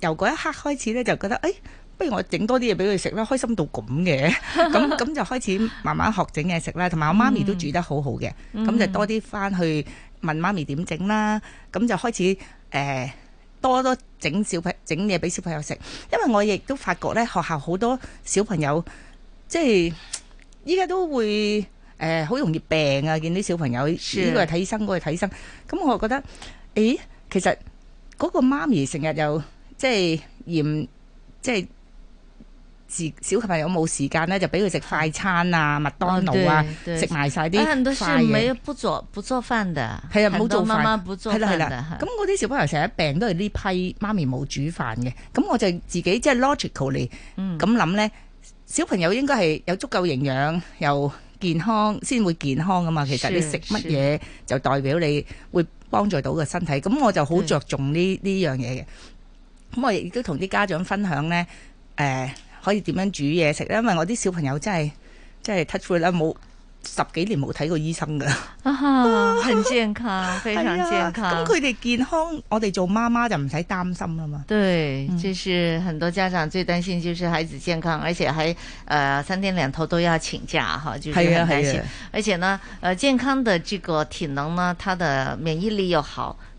由嗰一刻開始呢，就覺得咦！哎」不如我整多啲嘢俾佢食啦，開心到咁嘅，咁 咁就開始慢慢學整嘢食啦。同埋我媽咪都煮得好好嘅，咁、嗯、就多啲返去問媽咪點整啦。咁、嗯、就開始誒、呃、多多整小朋整嘢俾小朋友食，因為我亦都發覺咧學校好多小朋友即係依家都會誒好、呃、容易病啊，見啲小朋友呢是個係睇醫生，嗰、那個係睇醫生。咁我覺得誒、欸，其實嗰個媽咪成日又即係嫌即係。自小朋友冇時間咧，就俾佢食快餐啊、麥當勞啊，食埋晒啲。好多時冇不做不做飯的，係啊，冇做飯，係啦係啦。咁嗰啲小朋友成日病，都係呢批媽咪冇煮飯嘅。咁我就自己即係 logically 咁諗咧，小朋友應該係有足夠營養又健康先會健康噶嘛。其實你食乜嘢就代表你會幫助到個身體，咁我就好着重呢呢樣嘢嘅。咁我亦都同啲家長分享咧，誒。可以點樣煮嘢食？因為我啲小朋友真係真係 touch 啦，冇十幾年冇睇過醫生㗎，啊，很健康，啊、非常健康。咁佢哋健康，我哋做媽媽就唔使擔心啦嘛。對，就是很多家長最擔心就是孩子健康，嗯、而且還誒、呃、三天兩頭都要請假哈，就係、是、啊，啊而且呢，誒、呃、健康的這個體能呢，他的免疫力又好。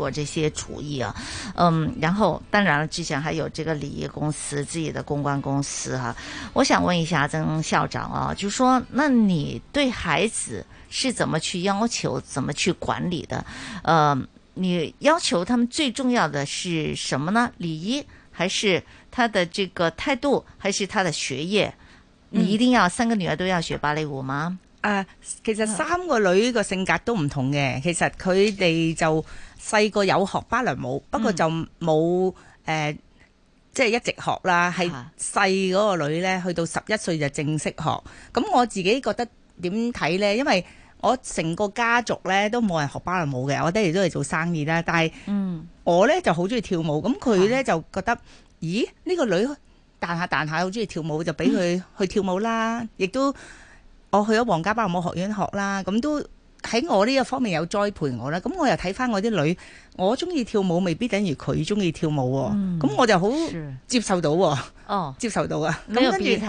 做這些主意啊，嗯，然後當然了，之前還有這個禮儀公司、自己的公關公司哈、啊。我想問一下曾校長啊，就說那你對孩子是怎麼去要求、怎麼去管理的？呃、嗯，你要求他們最重要的是什麼呢？禮儀還是他的這個態度，還是他的學業？你一定要三個女兒都要學芭蕾舞嗎？啊，其實三個女嘅性格都唔同嘅，其實佢哋就。細個有學芭蕾舞，不過就冇誒，即係、嗯呃就是、一直學啦。係細嗰個女呢，去到十一歲就正式學。咁我自己覺得點睇呢？因為我成個家族呢，都冇人學芭蕾舞嘅，我爹哋都係做生意啦。但係我呢就好中意跳舞，咁佢呢，就覺得，嗯、咦呢、呢個女彈下彈下好中意跳舞，就俾佢去跳舞啦。亦、嗯、都我去咗皇家芭蕾舞學院學啦，咁都。喺我呢一方面有栽培我啦，咁我又睇翻我啲女，我中意跳舞未必等於佢中意跳舞喎，咁我就好接受到喎，哦，接受到啊，咁跟住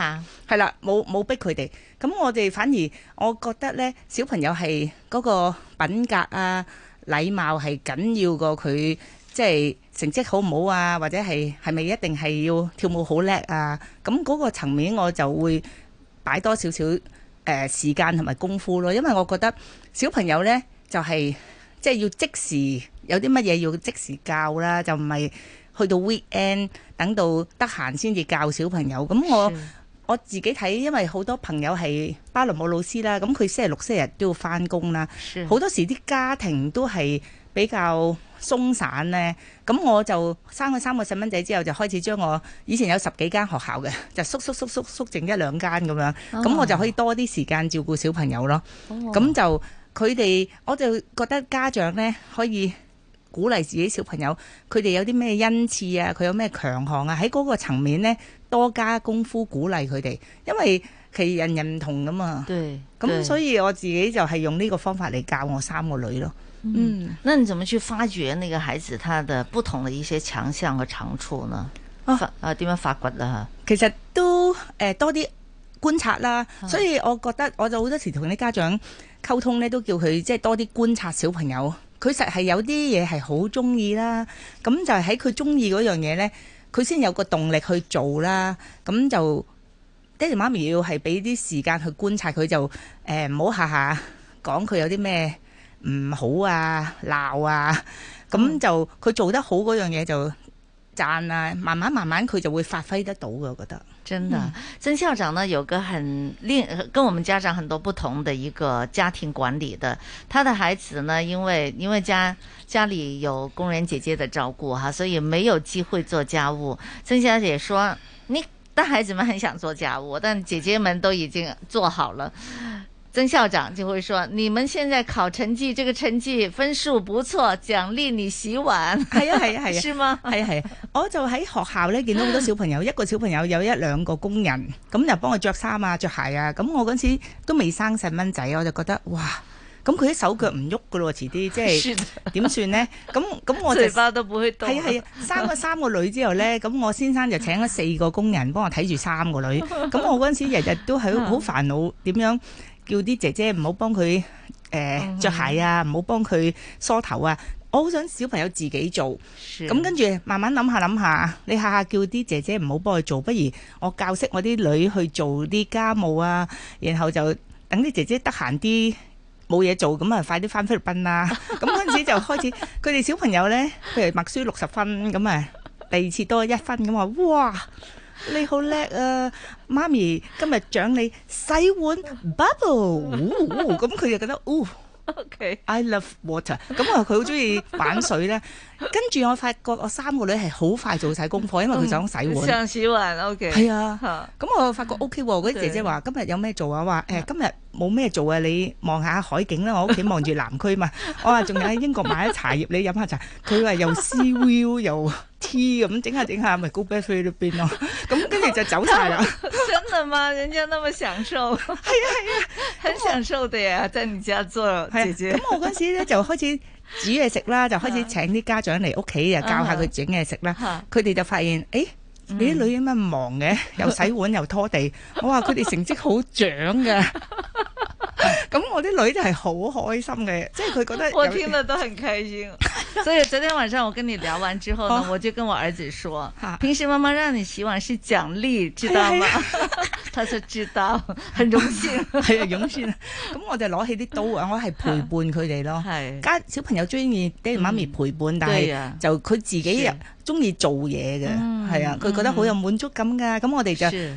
係啦，冇冇逼佢哋，咁我哋反而，我覺得呢小朋友係嗰個品格啊、禮貌係緊要過佢即係成績好唔好啊，或者係係咪一定係要跳舞好叻啊？咁嗰個層面我就會擺多少少。誒、呃、時間同埋功夫咯，因為我覺得小朋友呢，就係即係要即時有啲乜嘢要即時教啦，就唔係去到 weekend 等到得閒先至教小朋友。咁我是我自己睇，因為好多朋友係巴倫姆老師啦，咁佢星期六星期日都要返工啦，好是多時啲家庭都係比較鬆散呢，咁我就生咗三個細蚊仔之後，就開始將我以前有十幾間學校嘅，就縮縮縮縮縮剩一兩間咁樣，咁、oh. 我就可以多啲時間照顧小朋友咯。咁、oh. 就佢哋，我就覺得家長呢，可以鼓勵自己小朋友，佢哋有啲咩恩賜啊，佢有咩強項啊，喺嗰個層面呢，多加功夫鼓勵佢哋，因為其人人唔同噶嘛。咁所以我自己就係用呢個方法嚟教我三個女咯。嗯，那你怎麼去發掘那個孩子他的不同的一些強項和長處呢？啊點樣發掘呢？啊啊、其實都誒、呃、多啲觀察啦，啊、所以我覺得我就好多時同啲家長溝通咧，都叫佢即係多啲觀察小朋友，佢實係有啲嘢係好中意啦。咁就喺佢中意嗰樣嘢咧，佢先有個動力去做啦。咁就爹哋媽咪要係俾啲時間去觀察佢，就誒唔好下下講佢有啲咩。唔好啊，鬧啊，咁就佢做得好嗰樣嘢就讚啊，慢慢慢慢佢就會發揮得到噶，我覺得。真的，曾校長呢有個很令跟我們家長很多不同的一個家庭管理的，他的孩子呢，因為因為家家裏有工人姐姐的照顧哈，所以沒有機會做家務。曾小姐說，你大孩子們很想做家務，但姐姐們都已經做好了。曾校長就會說：你們現在考成績，這個成績分數不錯，獎勵你洗碗。係啊係啊係啊，係啊係啊是嗎？係啊係啊，啊。我就喺學校咧見到好多小朋友， 一個小朋友有一兩個工人，咁就幫我着衫啊、着鞋啊。咁我嗰陣時都未生細蚊仔，我就覺得哇！咁佢啲手腳唔喐噶咯，遲啲即係點的算咧？咁咁我就係 啊係啊，啊，三個三個女之後呢，咁我先生就請咗四個工人 幫我睇住三個女。咁我嗰陣時日日都好好煩惱點 樣。叫啲姐姐唔好幫佢誒著鞋啊，唔好幫佢梳頭啊，我好想小朋友自己做。咁是跟住慢慢諗下諗下，你下下叫啲姐姐唔好幫佢做，不如我教識我啲女去做啲家務啊，然後就等啲姐姐得閒啲冇嘢做，咁啊快啲翻菲律賓啦、啊。咁嗰陣時就開始，佢哋 小朋友呢，譬如默書六十分，咁啊第二次多一分，咁話哇！你好叻啊！媽咪今日獎你洗碗 bubble，咁、哦、佢、哦哦、就覺得、哦、OK，I love water，咁啊佢好中意玩水咧。跟住我發覺我三個女係好快做晒功課，因為佢想洗碗。上次玩 OK。係啊，咁、嗯、我發覺 OK 喎、啊，嗰啲姐姐話今日有咩做啊？話誒今日。冇咩做啊！你望下海景啦，我屋企望住南區嘛。我話仲喺英國買咗茶葉， 你飲下茶。佢話又 swill 又 t 咁整下整下，咪 go back to the 邊咯。咁跟住就走晒啦。 真係嘛？人家那麼享受。係啊係啊，啊 很享受的呀，真唔知阿叔姐姐。咁 我嗰時咧就開始煮嘢食啦，就開始請啲家長嚟屋企啊，教下佢整嘢食啦。佢、huh. 哋就發現誒。哎你啲女點乜忙嘅？又洗碗又拖地，我話佢哋成績好漲嘅，咁我啲女就係好開心嘅，即係佢覺得我聽得都很開心。所以昨天晚上我跟你聊完之後呢，我就跟我兒子說：平時媽媽讓你洗碗是獎勵，知道嗎？他說知道，係榮幸，係啊榮幸。咁我就攞起啲刀，我係陪伴佢哋咯。係，家小朋友中意爹哋媽咪陪伴，但係就佢自己。中意做嘢嘅，係、嗯、啊，佢覺得好有滿足感噶，咁、嗯、我哋就是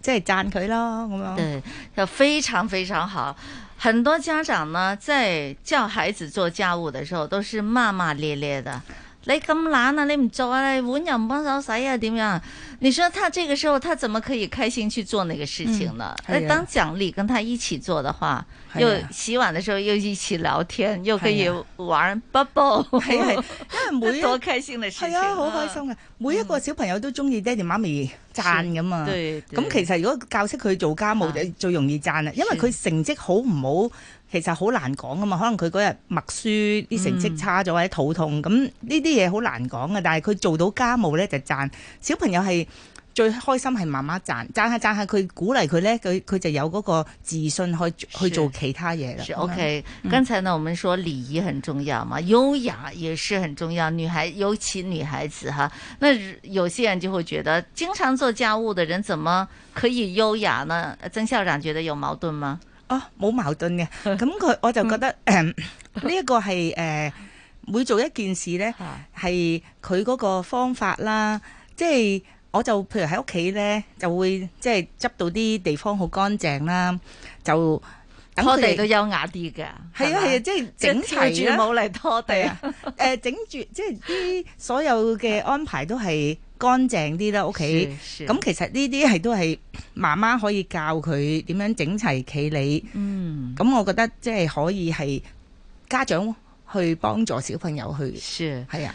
即係讚佢咯，咁樣就非常非常好。很多家長呢，在教孩子做家務的時候，都是罵罵咧咧的。你咁懶啊，你唔做啊，你碗又唔幫手洗啊，點樣？你說他這個時候，他怎麼可以開心去做那個事情呢？嚟當獎勵，跟他一起做的話，又洗碗的時候又一起聊天，又可以玩 bubble，係係，係唔多開心的事情。係啊，好開心噶，每一個小朋友都中意爹哋媽咪讚噶嘛。對。咁其實如果教識佢做家務就最容易讚啦，因為佢成績好唔好？其實好難講啊嘛，可能佢嗰日默書啲成績差咗，或者肚痛，咁呢啲嘢好難講嘅。但係佢做到家務呢，就讚，小朋友係最開心係媽媽讚，讚下讚下佢，鼓勵佢呢，佢佢就有嗰個自信去去做其他嘢啦是樣。OK，剛才呢我們說禮儀很重要嘛，優、嗯、雅也是很重要。女孩，尤其女孩子哈，那有些人就會覺得，經常做家務的人怎麼可以優雅呢？曾校長覺得有矛盾嗎？哦，冇矛盾嘅，咁佢我就覺得呢一、 嗯呢個係誒每做一件事咧，係佢嗰個方法啦，即係我就譬如喺屋企咧，就會即係執到啲地方好乾淨啦，就拖地都優雅啲嘅，係啊係啊，即係、啊啊、整齊住冇嚟拖地啊，呃、整住即係啲所有嘅安排都係。乾淨啲啦屋企，咁其實呢啲係都係媽媽可以教佢點樣整齊企理。嗯，咁我覺得即係可以係家長去幫助小朋友去，係啊。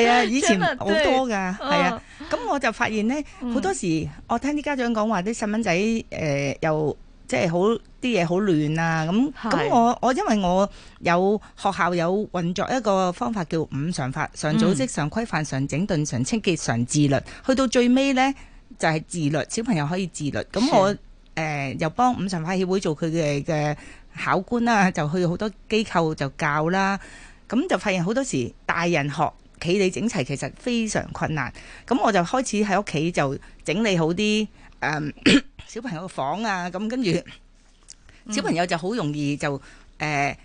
係啊，以前好多噶，係啊。咁、oh. 我就發現呢，好、嗯、多時我聽啲家長講話啲細蚊仔誒，又、呃、即係好啲嘢好亂啊。咁咁是我我因為我有學校有運作一個方法叫五常法，常組織、常規範、常整頓、常清潔、常自律，去到最尾呢，就係、是、自律，小朋友可以自律。咁我誒是、呃、又幫五常法協會做佢嘅嘅考官啦，就去好多機構就教啦。咁就發現好多時大人學。企理整齊其實非常困難，咁我就開始喺屋企就整理好啲誒、嗯、小朋友嘅房啊，咁跟住小朋友就好容易就誒誒、嗯呃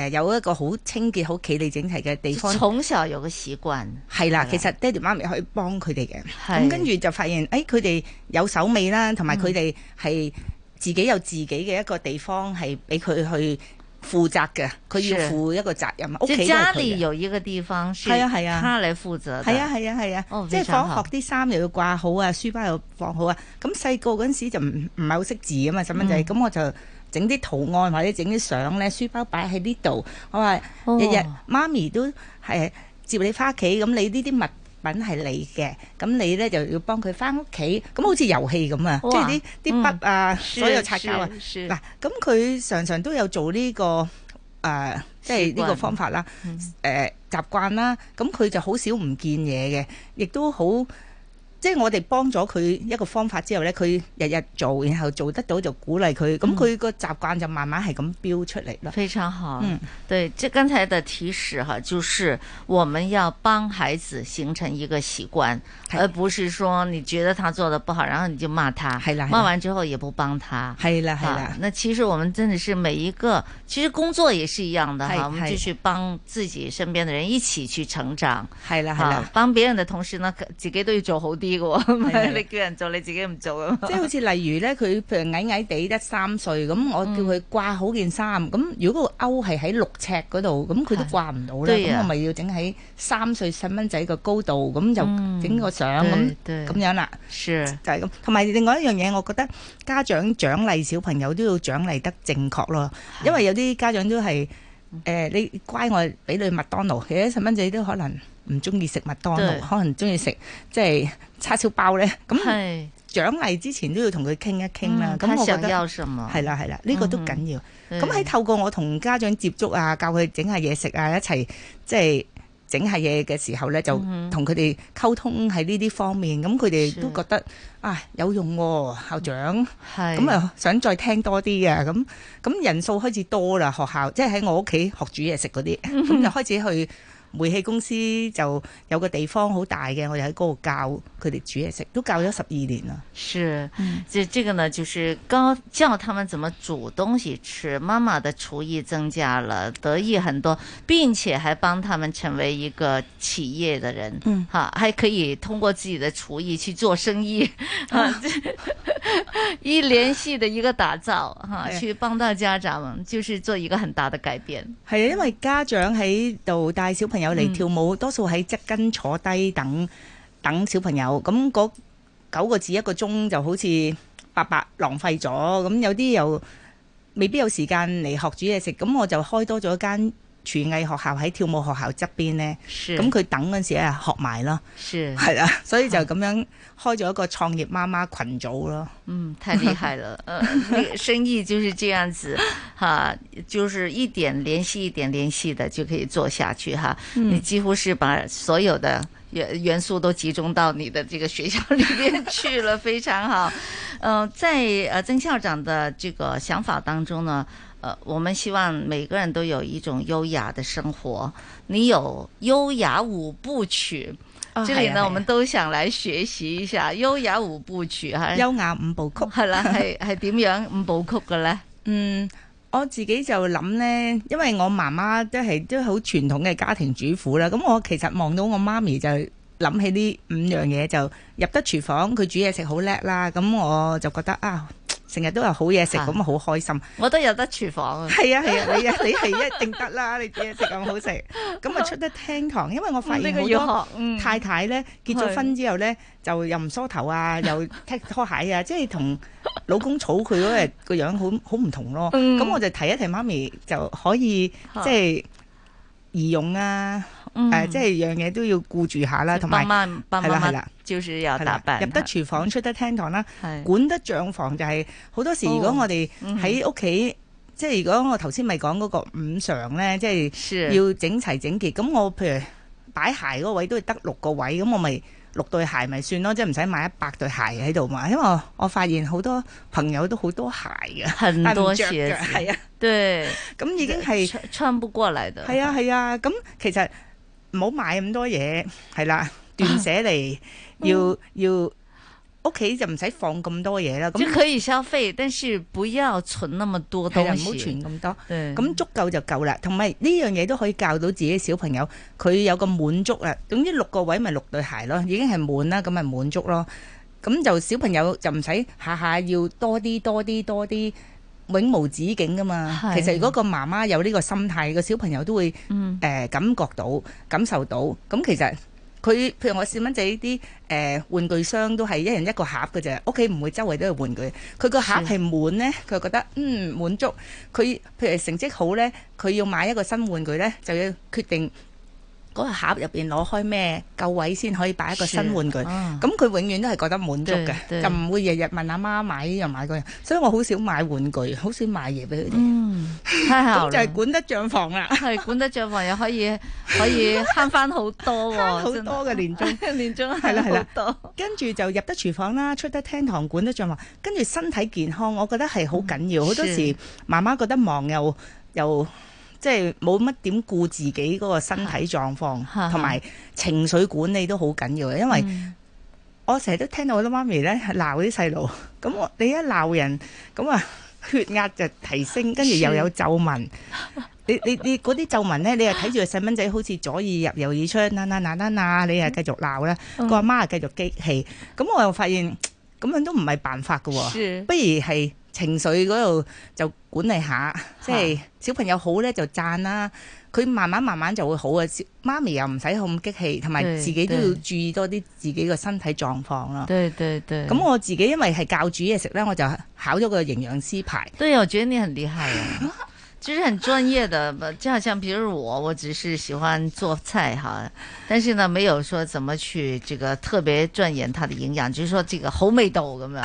呃、有一個好清潔、好企理整齊嘅地方。從小有個習慣，係啦的，是的其實爹哋媽咪可以幫佢哋嘅，咁的跟住就發現誒佢哋有手尾啦，同埋佢哋係自己有自己嘅一個地方係俾佢去負責嘅，佢要負一個責任。屋企是家嚟嘅。即係 Jenny 有一個地方是他來負責的，係啊係啊，他嚟負責。係啊係啊係啊，即係放學啲衫又要掛好啊，書包又要放好啊。咁細個嗰陣時候就唔唔係好識字啊嘛，細蚊仔。咁、嗯、我就整啲圖案或者整啲相咧，書包擺喺呢度。我話日日媽咪都係接你翻屋企，咁你呢啲物品係你嘅，咁你咧就要幫佢返屋企，咁好似遊戲咁啊，哇即係啲啲筆啊、嗯、所有擦稿啊，嗱，咁佢常常都有做呢、呢個誒，即係呢個方法啦，誒習慣啦，咁佢、嗯呃、就好少唔見嘢嘅，亦都好。即係我哋幫咗佢一個方法之後咧，佢日日做，然後做得到就鼓勵佢，咁佢個習慣就慢慢係咁標出嚟啦。非常好，嗯，對，即係剛才的提示哈，就是我們要幫孩子形成一個習慣，而不是說你覺得他做得不好，然後你就罵他，係啦，罵完之後也不幫他，係啦，係啦。那其實我們真的是每一個，其實工作也是一樣的哈，我們繼續幫自己身邊的人一起去成長，係啦，係啦，幫別人的同時呢，自己都要做好啲。嘅 是是你叫人做你自己唔做啊！即係好似例如咧，佢譬如矮矮哋得三歲，咁我叫佢掛好件衫，咁、嗯、如果嗰個勾係喺六尺嗰度，咁佢都掛唔到啦。咁我咪要整喺三歲細蚊仔個高度，咁就整個相咁咁、嗯、樣啦。係啊是，就係咁。同埋另外一樣嘢，我覺得家長獎勵小朋友都要獎勵得正確咯。的因為有啲家長都係誒、呃，你乖我俾你麥當勞，其實細蚊仔都可能唔中意食麥當勞，對可能中意食即係，就是叉燒包呢，咁獎勵之前都要同佢傾一傾啦。咁、嗯、我覺得係啦，係啦，呢個都緊要。咁喺、嗯、透過我同家長接觸啊，教佢整下嘢食啊，一齊即係整下嘢嘅時候呢，就同佢哋溝通喺呢啲方面。咁佢哋都覺得啊是有用喎、啊，校長。係咁啊，想再聽多啲嘅咁。咁的、啊、人數開始多啦，學校即係喺我屋企學煮嘢食嗰啲，咁、嗯、哼就開始去。煤氣公司就有個地方好大嘅，我哋喺嗰度教佢哋煮嘢食，都教咗十二年啦。是，嗯，即係這個呢，就是教教他們怎麼煮東西吃，媽媽的廚藝增加了，得意很多，並且還幫他們成為一個企業的人，嗯，哈，還可以通過自己的廚藝去做生意，啊， 一連系的一個打造，哈是，去幫到家長們，就是做一個很大的改變。係啊，因為家長喺度帶小朋友。有嚟、嗯、跳舞，多數喺側跟坐低等等小朋友，咁嗰九個字一個鐘就好似白白浪費咗，咁有啲又未必有時間嚟學煮嘢食，咁我就開多咗一間。廚藝學校喺跳舞學校側邊呢，是咁佢等嗰時咧學埋咯，係啊是，所以就咁樣開咗一個創業媽媽群組咯。嗯，太厲害了， 呃那個、生意就是這樣子，哈、啊，就是一點聯繫一點聯繫的就可以做下去哈。啊嗯、你幾乎是把所有的元元素都集中到你的這個學校裏面去了，非常好。嗯、呃，在呃曾校長的這個想法當中呢。呃、我們希望每個人都有一種優雅的生活。你有優雅五部曲，哦、這裏呢，啊、我們都想嚟學習一下、哦、優雅五部曲，優雅五部曲係啦，係係點樣五部曲嘅呢？ 嗯，我自己就諗呢，因為我媽媽都係都好傳統嘅家庭主婦啦。咁我其實望到我媽咪就諗起呢五樣嘢，嗯、就入得廚房佢煮嘢食好叻啦。咁我就覺得啊。成日都有好嘢食，咁啊好開心。我都入得廚房啊。係啊係啊，你啊你係一定得啦！你煮嘢食咁好食，咁啊出得廳堂。因為我發現好多太太咧結咗婚之後咧，就又唔梳頭啊，又踢拖鞋啊，即係同老公吵佢嗰日個樣好好唔同咯。咁我就提一提媽咪就可以即係儀容啊，誒即係樣嘢都要顧住下啦，同埋係啦係啦。入得廚房出得廳堂啦，管得帳房就係好多時。如果我哋喺屋企，即係如果我頭先咪講嗰個五常咧，即係要整齊整潔。咁我譬如擺鞋嗰位都係得六個位，咁我咪六對鞋咪算咯，即係唔使買一百對鞋喺度嘛。因為我我發現好多朋友都好多鞋嘅，多着嘅，係啊，對，咁已經係穿不過嚟嘅。係啊，係啊，咁其實唔好買咁多嘢，係啦，斷捨離。要要屋企就唔使放咁多嘢啦，咁就可以消費，但是不要存那麼多，唔好存咁多，咁對 足夠就夠啦。同埋呢樣嘢都可以教到自己小朋友，佢有個滿足啦。總之六個位咪六對鞋咯，已經係滿啦，咁咪滿足咯。咁就小朋友就唔使下下要多啲多啲多啲永無止境噶嘛。是的 其實如果個媽媽有呢個心態，個小朋友都會誒、嗯呃、感覺到感受到。咁其實。佢譬如我細蚊仔呢啲誒玩具箱都係一人一個盒嘅啫，屋企唔會周圍都有玩具。佢個盒係滿咧，佢是覺得嗯滿足。佢譬如成績好咧，佢要買一個新玩具咧，就要決定。嗰個盒入邊攞開咩，夠位先可以擺一個新玩具，咁佢、啊、永遠都係覺得滿足嘅，就唔會日日問阿媽買呢樣買嗰樣，所以我好少買玩具，好少買嘢俾佢哋。咁、嗯、 就係管得賬房啦，係管得賬房又可以 可以慳翻好多、哦，慳好多嘅年終， 年終係啦係啦，跟住 就入得廚房啦，出得廳堂，管得賬房，跟住身體健康，我覺得係好緊要，好是多時候媽媽覺得忙又又。即係冇乜點顧自己嗰個身體狀況，同埋是情緒管理都好緊要。因為我成日都聽到我啲媽咪咧鬧啲細路，咁我你一鬧人，咁啊血壓就提升，跟住又有皺紋是。你你你嗰啲皺紋咧，你又睇住個細蚊仔好似左耳入右耳出，嗱嗱嗱嗱嗱，你又繼續鬧啦，個阿媽又繼續激氣，咁我又發現咁樣都唔係辦法噶，是 不如係。情緒嗰度就管理下，即、就、係、是、小朋友好呢就讚啦、啊，佢慢慢慢慢就會好啊。媽咪又唔使咁激氣，同埋自己都要注意多啲自己個身體狀況咯。對對對，咁我自己因為係教煮嘢食呢，我就考咗個營養師牌。對，我覺得你很厲害、啊 就是很專業的，即係好像，譬如我，我只是喜歡做菜哈，但是呢，沒有說怎麼去這個特別鑽研它的營養，只、就是、說這個好味道咁樣，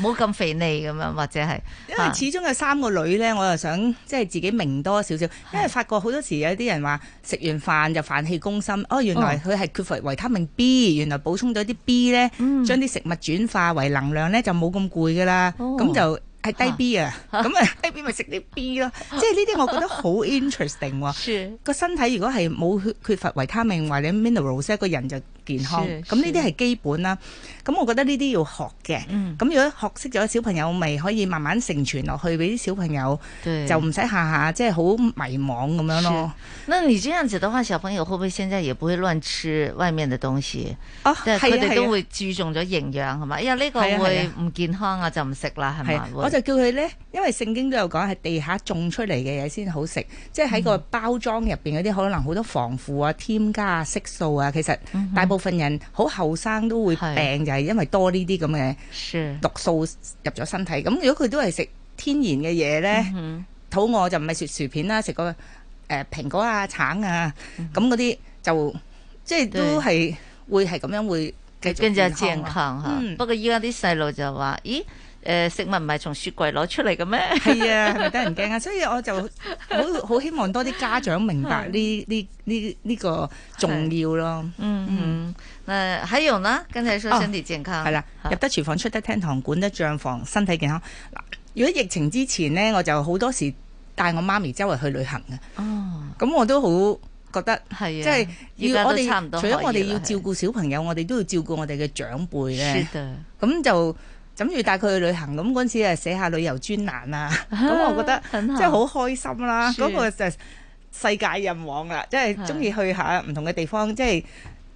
冇咁 肥膩咁樣，或者係、啊、因為始終有三個女呢，我又想即係自己明多少少，因為發覺好多時有啲人話食完飯就飯氣攻心，哦，原來佢係缺乏維他命 B，原來補充咗啲 B 呢，將啲食物轉化為能量呢，就冇咁攰噶啦，咁就。係低 B 啊，咁啊 低 B 咪食啲 B 咯， 即係呢啲我覺得好 interesting 喎、啊。個 是身體如果係冇缺乏維他命或者 minerals，一個人就健康。咁呢啲係基本啦、啊。咁我覺得呢啲要學嘅，咁、嗯、如果學識咗小朋友，咪可以慢慢承傳落去俾啲小朋友，就唔使下，對下下即係好迷茫咁樣咯。那你這樣子的話，小朋友會不會現在也不會亂吃外面嘅東西？佢哋、哦啊、都會注重咗營養係嘛？因為呢個會唔健康啊，啊就唔食啦係咪？我就叫佢呢，因為聖經都有講係地下種出嚟嘅嘢先好食，嗯、即係喺個包裝入邊嗰啲可能好多防腐啊、添加啊、色素啊，其實大部分人好後生都會病。係因為多呢啲咁嘅毒素入咗身體，咁如果佢都係食天然嘅嘢咧，肚餓就唔係食薯片啦，食個誒蘋果啊、橙啊，咁嗰啲就即係都係會係咁樣會繼續跟住健康吓。不過依家啲細路就話：咦，誒食物唔係從雪櫃攞出嚟嘅咩？係啊，係咪得人驚啊！所以我就好好希望多啲家長明白呢呢呢呢個重要咯。嗯嗯。誒，還有呢？剛才說身體健康係啦，入得廚房，出得廳堂，管得帳房，身體健康。嗱，如果疫情之前呢，我就好多時帶我媽咪周圍去旅行嘅。哦，咁我都好覺得係啊，即係要我哋除咗我哋要照顧小朋友，我哋都要照顧我哋嘅長輩咧。咁就諗住帶佢去旅行，咁嗰次啊寫下旅遊專欄啊，咁我覺得即係好開心啦。嗰個就係世界任往啦，即係中意去下唔同嘅地方，即係。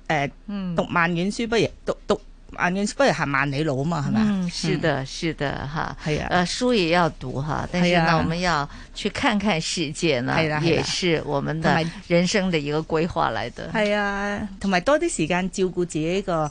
誒，讀萬卷書不如讀讀萬卷書不如行萬里路嘛，係咪？嗯，是的，是的，哈，係啊，誒，書也要讀哈，但係呢，我們要去看看世界呢，係啦，也是我們的人生的一個規劃來的，係啊，同埋多啲時間照顧自己個。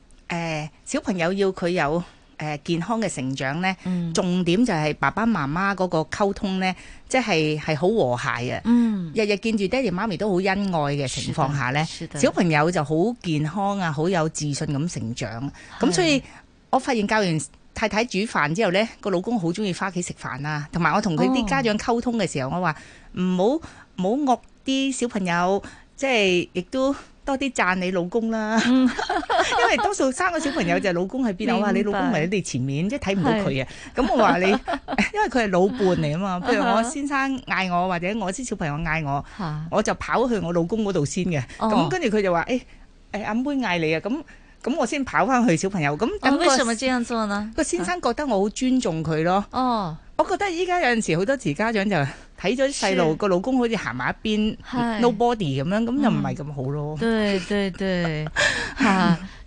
誒、呃、小朋友要佢有誒、呃、健康嘅成長咧，嗯、重點就係爸爸媽媽嗰個溝通咧，即係係好和諧嘅。日日、嗯、見住爹哋媽咪都好恩愛嘅情況下咧，是的是的小朋友就好健康啊，好有自信咁成長。咁是的 所以我發現教完太太煮飯之後咧，個是的 老公好鍾意返屋企食飯啊。同埋我同佢啲家長溝通嘅時候，哦、我話唔好唔好惡啲小朋友，即係亦都。多啲讚你老公啦， 因為多數生個小朋友就係老公喺邊度啊！白你老公唔係你哋前面，即係睇唔到佢啊！咁是、嗯、我話你，因為佢係老伴嚟啊嘛，譬如我先生嗌我，或者我啲小朋友嗌我，我就跑去我老公嗰度先嘅。咁跟住佢就話：誒、欸、誒，阿、哎、妹嗌你啊！咁、嗯、咁、嗯、我先跑翻去小朋友。咁、嗯，為什麼這樣做呢？個先生覺得我好尊重佢咯。哦。我覺得依家有陣時好多時家長就睇咗啲細路個老公好似行埋一邊，nobody 咁樣，咁是就唔係咁好咯、嗯。 對對對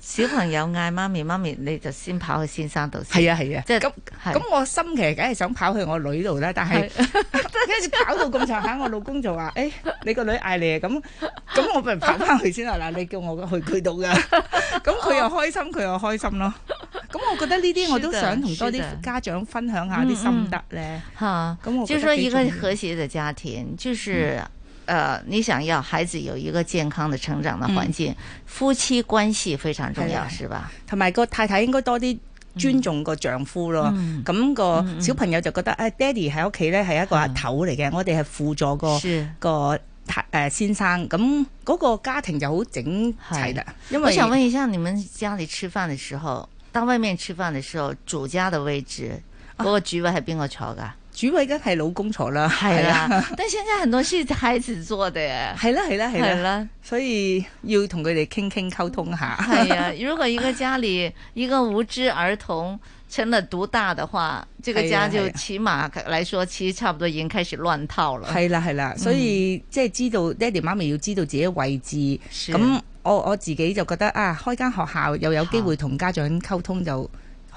小朋友嗌媽咪媽咪，你就先跑去先生度先。係啊係啊，即係咁咁，我心其實梗係想跑去我女度啦。但係，一搞到咁上下，我老公就話：誒，你個女嗌你啊，咁咁我不如跑翻去先啦。嗱，你叫我去佢度㗎，咁佢又開心，佢又開心咯。咁我覺得呢啲我都想同多啲家長分享下啲心得咧。吓，咁我。就說一個和諧的家庭，就是。誒，你想要孩子有一個健康的成長的環境，夫妻關係非常重要，是吧？同埋個太太應該多啲尊重個丈夫咯。咁個小朋友就覺得誒，爹哋喺屋企咧係一個阿頭嚟嘅，我哋係輔助個個誒先生。咁嗰個家庭就好整齊啦。因為我想問一下，你們家裏吃飯的時候，當外面吃飯的時候，主家的位置嗰個主位係邊個坐噶？主位梗係老公坐啦，係啦，但係現在很多是孩子做的，係啦係啦係啦，所以要同佢哋傾傾溝通下。哎呀，如果一個家裏一個無知兒童成了獨大的話，這個家就起碼來說，其實差不多已經開始亂套啦。係啦係啦，所以即係知道爹哋媽咪要知道自己位置，咁我我自己就覺得啊，開間學校又有機會同家長溝通就。